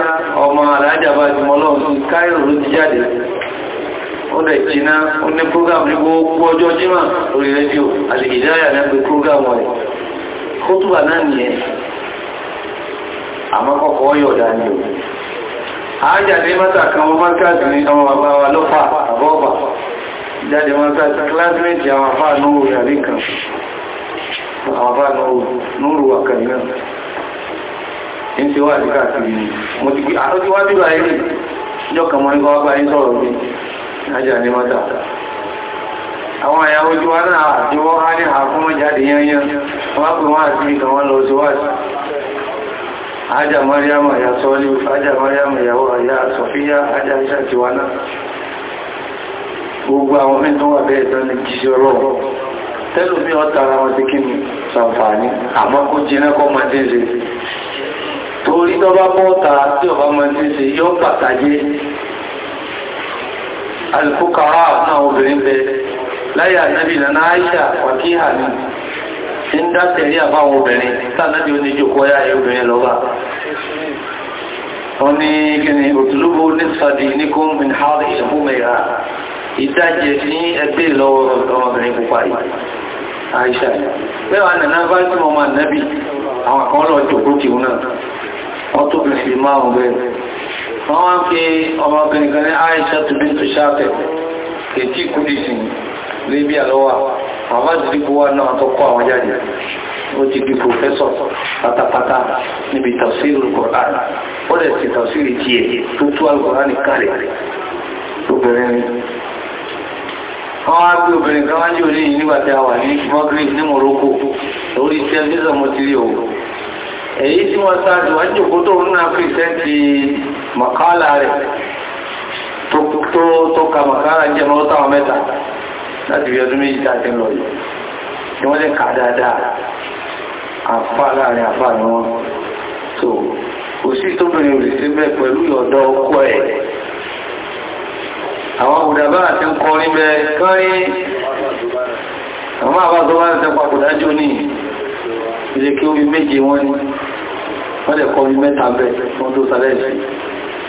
ọmọ alájábá ti mọ́lọ́run káìrò ló ti jáde ó dẹ̀ jiná ó ní program ní gbogbo ọjọ́ jímà lórí rédíò àti ìdáyà ní pé program rẹ̀ kótùbà ni o ájá ní mọ́ta kan ọmọ mọ́ta ní ọmọ bàbá wa lọ́fà àbọ́ọ̀bà jáde wọn sáta kílásímẹ́tì àwọn afá nóòrò àrí kan àwọn afá nóòrò àkàn náà ń ti wá àdíkà sí mo ti gbé àtọ́jú wá dúró ayé ìjọ kan mọ́ nípa wá bá yín sọ̀rọ̀ pé ajá ní mọ́ta àwọn àyàwó tí wá náà àti wọ́n á ní àkúnmọ́ jáde yányán wọ́n pè wọ́n àti ìkàn wọ́n lọ sí wáṣí ajá mariam àyà sọ́ọ́lì ajá mariam ìyàwó àyà sọ̀fíyà ajá iṣẹ́ tiwa náà gbogbo àwọn mẹ́tọ́ wà bẹ́ẹ̀ tán lè jíṣẹ́ ọlọ́run tẹ́lù bí ọ́ tara wọn ti kí ni sàǹfààní àmọ́ kó jiná kọ́ máa ti ṣe torí tó bá bọ́ ta tí ọba máa ti ṣe yọ pàtàkì alùpùkàrà náà obìnrin bẹ láyé ànábì nana Aisha wàkíhà ni ti ń dá àbáwọn obìnrin sáànábì oníjòkó ọyá obìnrin lọ́ba wọ́n ní kí ni òtúlùbọ̀ onísàdì ní kó ń bin hàlì ìṣàkómẹ̀yà ìdájẹ ní ẹgbẹ́ lọ́wọ́ ọmọbìnrin pupa yìí àìṣà mẹ́wàá nàná bá tí mọ́ máa nẹ́bì àwọn kan lọ jòkókì náà wọ́n tó bìnrin bí márùn bẹ́ẹ̀ wọ́n wá ń pe ọmọbìnrin kan ní àìṣà tó bí tó ṣáfẹ́ kètí kúdìsìn lébí àlọ́wà àwọn àdìdìbò wà náà tó kọ́ àwọn jáde ó ti di pòfẹ́sọ̀ pátápátá níbi tafsir al-Qur'an ó dẹ̀ sì tafsir tiẹ̀ tó tú al-Qur'an kalẹ̀ obìnrin wọ́n wá bí obìnrin kan wá ní òní nígbàtí a wà ní Maghrib ní Morocco lórí tẹ́lifíṣọ̀ mo ti rí o èyí tí wọ́n sáájú wá jòkó tó ń náà pìrìsẹ́ntì makala rẹ̀ tó ka makala jẹ́ mọ́ táwọn mẹ́ta láti bí ọdún méjì tàbí lọ yìí ni wọ́n lè kà dáadáa àfà láàrin àfà ni wọ́n tó kò sí tóbìnrin òrìṣẹ́ bẹ́ẹ̀ pẹ̀lú àwọn òdàbá àti kọrin bẹ kọrin àwọn àbájọba àti papòdá jò ní ilé kí orí méje wọ́n ní wọ́n lè kọrin mẹ́ta bẹ wọ́n tó sàlẹ̀ sí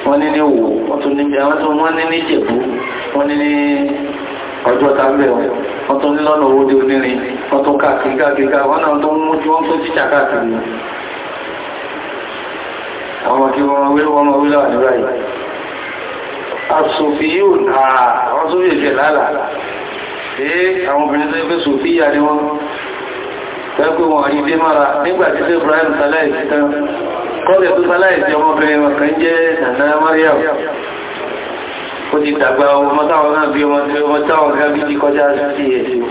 wọ́n ní ní òwò wọ́n tó ní jẹ̀bú wọ́n ní ní ọjọ́ tàbí wọ́n tó ní lọ́nà owó dé onírin wọ́n tó káàkiri káàkiri wọ́n náà tó mú tí wọ́n tó jíjà káàkiri àwọn asòfì yóò nà àwọn sófì ìfẹ́ lálà ee àwọn obìnrin tó fẹ́ sòfì yà ni wọ́n tẹ́gbẹ́ wọn àrí dé mara nígbà tí fẹ́ Ibrahim sáláìsì tán kọ́lẹ̀ tó sáláìsì ọmọbìnrin wọn kan jẹ́ Nana Mariam ó ti dàgbà ọmọ táwọn náà bí ọmọ tí ọmọ táwọn gábí ti kọjá sí ẹ̀sìn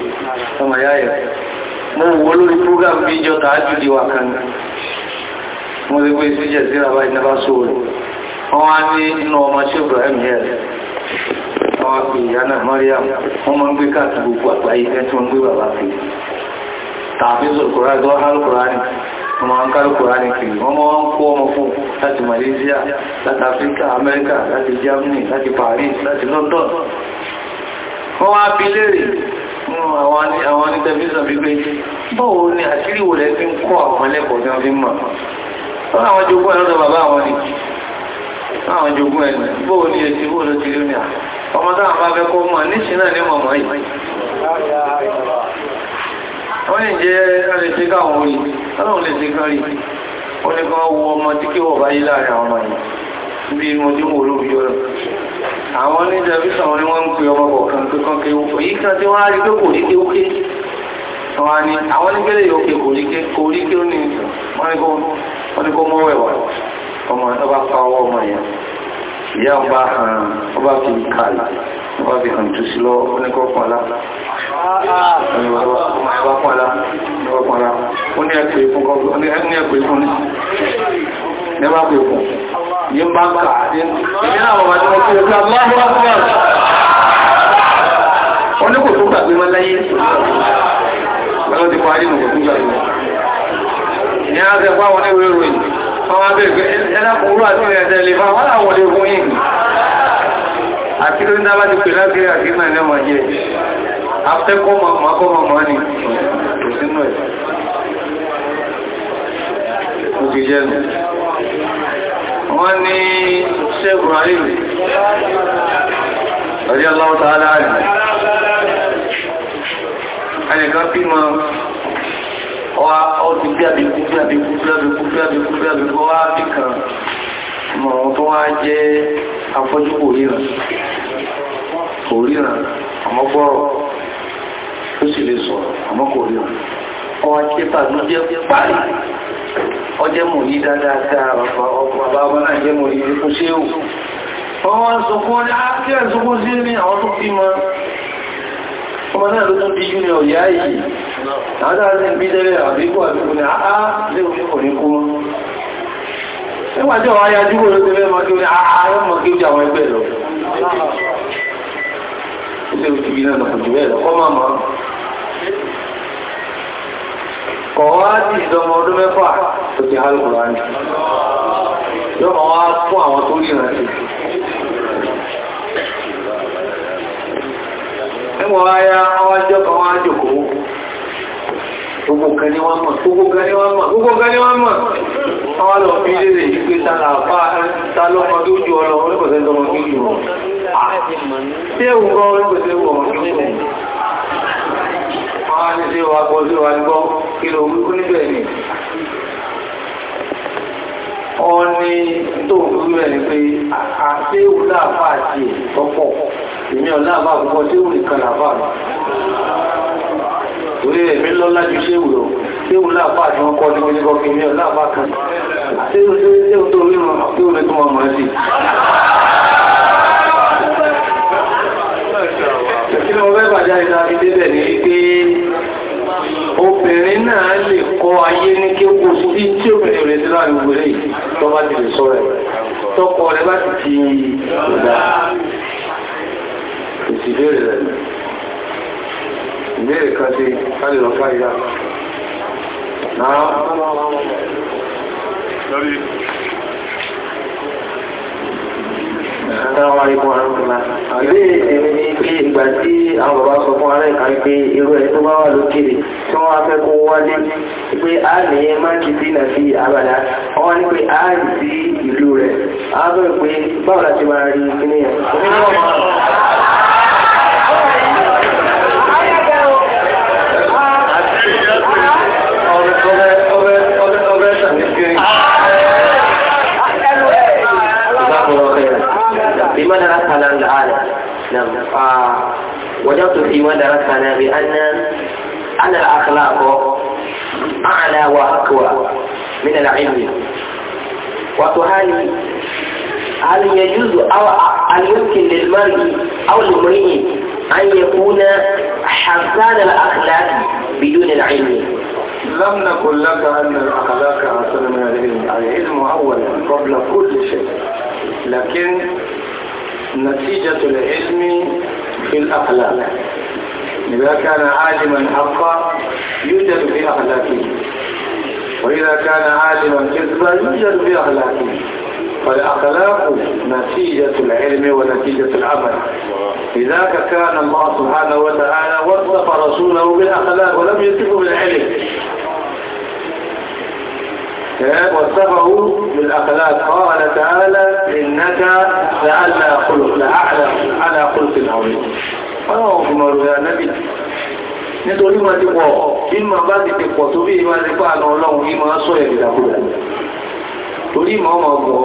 ọmọ ìyá ẹ̀ mo wò wọ́n á ní inú ọmọ ṣébùrọ̀ ml wọ́n fi ìyánà Maria wọ́n máa ń gbé káàkiri gbogbo àgbáyé ẹ́ tí wọ́n gbé bàbá fi tàbí sọ̀kọ̀rá ẹgbẹ́ alukùránì wọ́n máa ń kárù Malaysia láti Africa America láti Germany láti Paris láti London wọ́n wá bí léèrè àwọn ní tẹ̀lifíṣàn bí pé ni àṣírí wò lẹ́ fi ń kọ́ àwọn ẹlẹ́kọ̀ọ́ tí wọ́n fi ń mọ̀ wọ́n àwọn jogún ẹ̀ bóò ní etí bóò ló ti rí mi à ọmọ táwọn bá fẹ́ kó mọ̀ níṣìí náà ní mọ̀mọ́ yìí wọ́n lè jẹ́ alẹ́sẹ̀ káwọn orí ọlọ́run lè ṣe kan rí ó ní kan wo ọmọ tí kí wọ́n bá yí láàrin àwọn ni wọ́n ń pè kan kéwú èyí kan tí wọ́n á rí pé kò ní kéwú ké àwọn ní àwọn nígbẹ́lẹ̀ yóò ké kò ní ké kò ní ké wọ́n ní kó mọ́wẹ̀ wà ọmọ ẹ̀ ọba fa ọwọ́ ọmọ yẹn ìyá ọba hàn ọba fi kàlà ọba fi hàn tùsí lọ oníkọ́pọ̀lá Yín bá ń kàá, ìyá àwọn ọmọdé wọ́n tí ó ká máa bọ́ bọ́ oníkò tó gbàgbé wọn láyé lọ́wọ́ ti parí nù kò tó gbàgbé ní a fẹ́ fáwọn ẹwẹ́ ròyìn Àwọn abẹ́gbẹ́ ẹlẹ́kùnrú àti ìrìnàjẹ́ lè fa wọ́n láwọn olè fún yìí. Àkírò ní dábá ti pè lágbèrè àkírò náà lẹ́wọ̀n jẹ́. Afẹ́kọ́ mọ̀kọ́ mọ̀ ní òsínú ẹ̀. Ó ti jẹ́ nù. Wọ́n ní Ṣẹ́gun Àríwì. Ọjọ́ Allah ta'ala rẹ̀. Ẹnìkan bí mọ́ ọwá o ti bí àbíkú bí àbíkú bí àbíkú bí àbíkú bí àbíkú wá bí kan mọ̀ràn tó wá jẹ́ afọ́jú kò ríran kò ríran àmọ́ gbọ́rọ̀ ó sì lè sọ̀rọ̀ àmọ́ kò ríran ọwá kí pàdún jẹ́ parí ọjẹ́ mò ní dáadáa bàbá ọmọ náà jẹ́ mò o ikú ṣéwù ọwọ́ sọ fún ọjọ́ àti ẹ̀sùn fún sí ní àwọn tó fi mọ́ ọmọ náà ló tún bí jú ní ọ̀yá yìí àádáàrí bí dẹ́rẹ́ àbíkú àbíkú ní àá lè òní kò ní kú nígbàjọ́ ayá júgbò ló tẹ́lẹ̀ mọ́ kí ó ní àárọ̀ mọ́ kí ó jà wọn ẹgbẹ́ lọ ilé òtù bí náà lọ́pọ̀ jù bẹ́ẹ̀ lọ́pọ̀ máa mọ́ kọ̀ wá sí ìdọmọ ọdún mẹ́fà tó ti hálùkù rání yọ́mọ wá fún àwọn tó rí ìrántí ẹmọ ayá àwọn ajọ́ kan wọ́n ajòkó gbogbo kan wọ́n mọ̀ gbogbo lọ fi lè rèé pé tààlà àpá tààlọ́mọ tó jù ni tó wí rẹ̀ ni pé àti èwù láàfáà ti ọ̀pọ̀ èmi ọ̀lá àbá àkọ́kọ́ tí ó nìkan làbá rẹ̀ orí ẹ̀mí lọ́lá ju ṣéwù lọ ṣéwù láàbá àti wọn kọ́ ní wọ́n ní kọ́ fi mí ọ̀lá àbá kan ṣéwù tó rí wọn ṣéwù rẹ̀ tó máa mọ̀ sí kí ni wọ́n fẹ́ bàjá ìta fi débẹ̀ ní pé obìnrin náà lè kọ́ ayé ní kí ó kó sí tí obìnrin ò lè sí láàrin gbèrè tó bá ti lè sọ rẹ̀ tọ́kọ rẹ̀ bá ti ti ìgbà èsì ìbéèrè rẹ̀ ìbéèrè kan sí kálẹ̀ lọ fáyà náà lórí Àwọn àìkú àrùnlá. Ìbéèrè tèmi ní pé ìgbà tí àwọn bàbá sọ fún ara ìkàrí pé irú ẹ̀ tó bá wà lókèrè tí wọ́n fẹ́ kó wálé pé a ní máàkì sí ìnà sí àbàdá. Wọ́n wá ní pé a rí sí ìlú rẹ̀. A bẹ̀rẹ̀ pé báwo la ti máa rí kíní yẹn. العالم نعم آه، وجدت في مدرسنا بأن أن الأخلاق أعلى وأقوى من العلم وتهالي هل يجوز أو هل يمكن للمرء أو لامرئ أن يكون حسان الأخلاق بدون العلم لم نقل لك أن الأخلاق حسن من العلم العلم أولا قبل كل شيء لكن نتيجة العلم في الأخلاق إذا كان عالما حقا يوجد في أخلاقه وإذا كان عالما كذبا يوجد في أخلاقه فالأخلاق نتيجة العلم ونتيجة العمل لذلك كان الله سبحانه وتعالى وصف رسوله بالأخلاق ولم يصفه بالعلم وصفه بالأخلاق قال تعالى إنك لأعلى خلق لأعلى على خلق عظيم ọlọ́run fi mọ̀ lórí ànábì nítorí wọ́n ti pọ̀ ìmọ̀ bá ti ti pọ̀ tó bí ìwọ́n ti pàánà ọlọ́run ìmọ̀ sọ ẹ̀rìdàkúrà torí ìmọ̀ ọmọ ọgbọ̀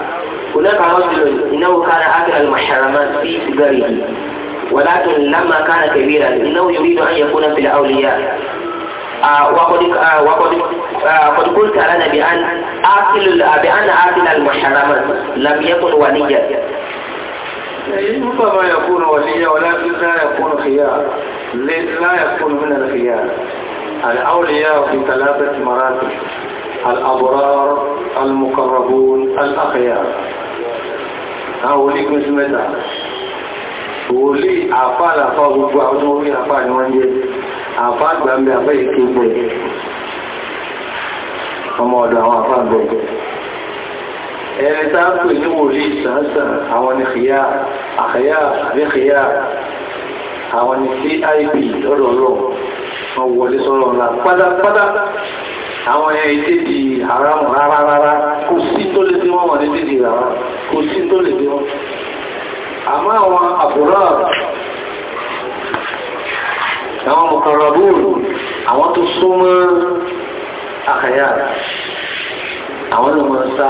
هناك رجل إنه كان آكل المحرمات في سجاره ولكن لما كان كبيرا إنه يريد أن يكون في الأولياء آه، وقد آه، وقد آه، قلت لنا بأن آكل بأن آكل المحرمات لم يكن وليا ربما يكون وليا ولكن لا يكون خيار لا يكون من الخيار الأولياء في ثلاثة مراتب الأبرار المقربون الأخيار àwọn onígun sí mẹ́ta wòlí àfá àlàfá gbogbo àwọn tó wọ́n rí àfá ní wọ́n jẹ́ àfá àgbàmẹ́ àfá ìkégbẹ̀ ọmọ ọ̀dọ̀ àwọn àfá àgbẹ̀gbẹ̀ ẹni tá ń pè ní wòlí sàásà àwọn ni kìíyà àkìíyà àbí kìíyà àwọn ni cip lọ́dọ̀ọ́lọ́ wọn wọlé sọ́rọ̀ ńlá pátápátá àwọn ẹ̀ ìtẹ́jì haramu rárá rárá kò sí tó lè dé wọ́n wọ́n ìtẹ́jì rárá kò sí tó lè dé wọ́n àmọ́ àwọn àbúrò àwọn mọ̀kànrọ̀bùrù àwọn tó súnmọ́ àkàyà àwọn ló máa sá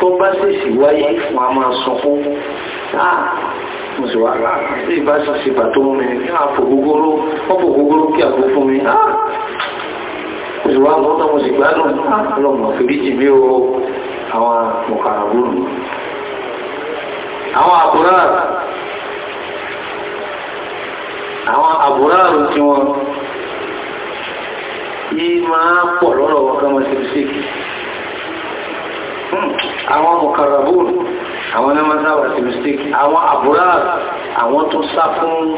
tó bá ṣèṣì wáyé wọn a máa sọ fún náà mo sì wá láàrín ah, ìbáṣà sí ìbà tó mi ní àpò gbogbo kí àpò fún mi náà ah, ìwà àwọn ọmọ sì gbádùn lọ́mọ fìríjì bí o àwọn mọ̀kàràbùrù àwọn àbúráàrù àwọn àbúráàrù tí wọn yìí máa pọ̀ lọ́rọ̀ wọn kọ́mọ sí síkì àwọn mọ̀kàràbùrù àwọn ẹmọ sábà sí àwọn àbúráàrù àwọn tó sá fún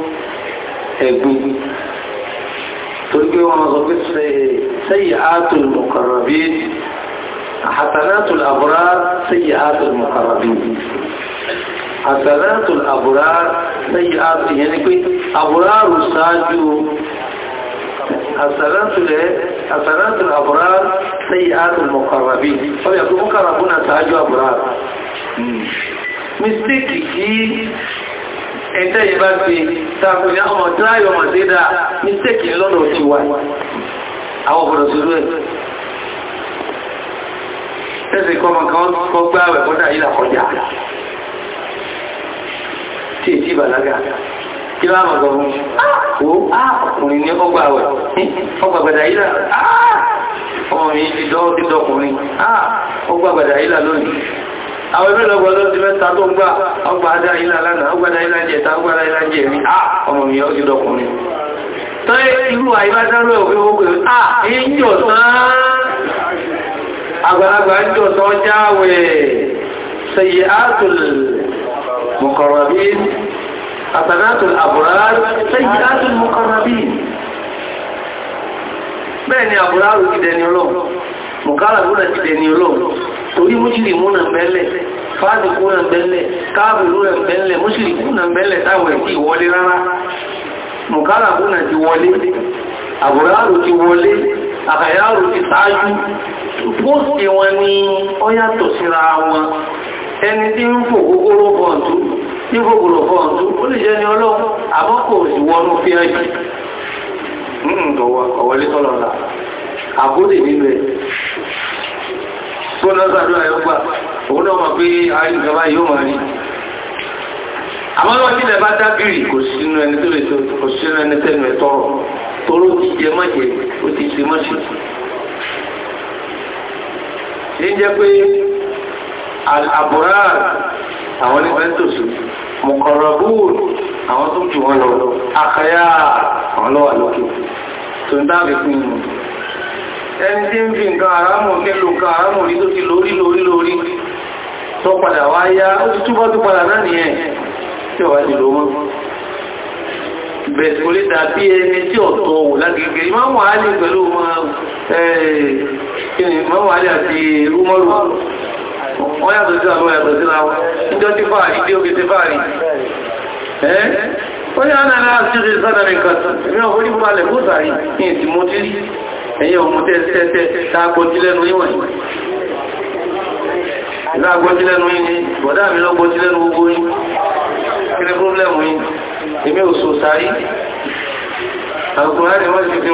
ẹ̀gbin تلقي ونظبط سيئات المقربين حسنات الأبرار سيئات المقربين حسنات الأبرار سيئات يعني كوي أبرار ساجو حسنات حسنات الأبرار سيئات المقربين فهو طيب، يقول مقربون ساجو أبرار مستيكي ẹ̀ntẹ́ yìí bá fi tààkù ní ọmọ tíráyọ̀ ọmọ sí dáa ní tẹ́kì lọ́nà òtí wà àwọn ọ̀pọ̀lọ̀ sí rẹ̀ tẹ́sì kọ́ ọmọ kan kọ́ gbá rẹ̀ kọ́dà yìí làkọjá tí èjì bàlágà kí ló àmọ̀ gọ̀ọ̀mù ó ah, ọkùnrin ní ọgbà rẹ̀ ọgbà gbàdà ah! ọmọ mi ti dọ́ àwọn ẹgbẹ́ lọ́gbọ́ lọ́dún mẹ́ta tó ń gbà ọgbà adá ilá lánàá ọgbàdá ilá jẹta ọgbàdá ilá jẹ mi á ọmọ mi ọjọ́ dọkùnrin tọ́lé irú àìbádáró òfin gbogbo à ń jọ tán àgbàlagbà ń jọ tán jáwẹ̀ sẹ̀yẹ̀ áàtùl mọ̀kọ̀rọ̀bí àtànátùl àbúrá sẹ̀yẹ̀ áàtùl mọ̀kọ̀rọ̀bí bẹ́ẹ̀ ni àbúrá rú ìdẹni ọlọ́run mọ̀kálà múnà ti dẹni ọlọ́run torí mújìlì múnà bẹ́lẹ̀ fáàdì múnà bẹ́lẹ̀ káàbì múnà bẹ́lẹ̀ mújìlì múnà bẹ́lẹ̀ táwọn ẹ̀kí wọlé rárá mọ̀kálà múnà ti wọlé àbúrárò ti wọlé àkàyárò ti táájú pósìtì wọn ni ó yàtọ̀ síra wọn ẹni tí ń fò kókóró bọ̀ǹtú tí ń fò kòrò bọ̀ǹtú ó lè jẹ́ ni ọlọ́run àbọ́kò ìwọ̀nù fíẹ́jì àbóde nínú ẹ̀ fún lọ́sọ̀ àdúrà yóò gbà òun náà mọ̀ pé ayélujára yóò mọ̀ rí àmọ́ lọ́wọ́ tí ilẹ̀ bá dábìrì kò sínú ẹni tó lè tó kò sínú ẹni tẹ́nu ẹ̀ tọrọ toró ti jẹ mọ́jẹ ó ti ṣe mọ́ṣẹ́ ṣe ń jẹ́ pé àbúrá àwọn nípa ń tòṣù mọ̀kọ̀rọ̀bù àwọn tó jù wọn lọ àkàyà àwọn lọ́wọ́ lókè tó ń dábìrì fún ìmọ̀ ẹni tí ń fi nǹkan àrámù kẹlò nǹkan àrámù rí tó ti lórí lórí lórí tó padà wá yá ó ti túbọ́ tó padà náà nìyẹn tí ọ̀wá ti lòó bẹ̀rẹ̀ kò lè dàbí ẹni tí ọ̀tọ̀ wò lágẹ̀gẹ̀ ìmáwò alì pẹ̀lú ìmáwò alì àti rúmọ́rù wọ́n yàtọ̀ sí àwọn yàtọ̀ sí láwọn níjọ́ tí fàárí tí ó gẹ́ sí fàárí ẹ́ ó ní àná aláàṣírí sádàrí kan ìmẹ́ ẹ̀yìn ọmọ tẹ́ẹ̀tẹ́ẹ̀tẹ́ tààgbójílẹ́nu ìwọ̀n ìlàgbójílẹ́nu ìní bọ̀dá mi lọ́gbójílẹ́nu gbogbo yìí kí ni yìí èmi ò sọ sáyí àgbòhánì wọ́n sì ti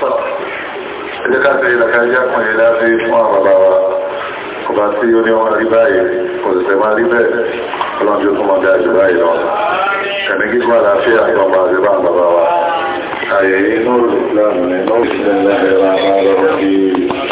rọ ẹjẹ́ káṣẹ́ ìlàkájá kan yìí láti fún àbàbà wa ọba tí ó ní ọmọ rí báyìí kò sì fẹ́ máa rí bẹ́ẹ̀ ọlọ́njọ́ fún ọmọdé àjò báyìí lọ kàní kí fún àlàáfíà ọmọ àti bá bàbá wa àyè yìí nóòrò
láàmì nóòrò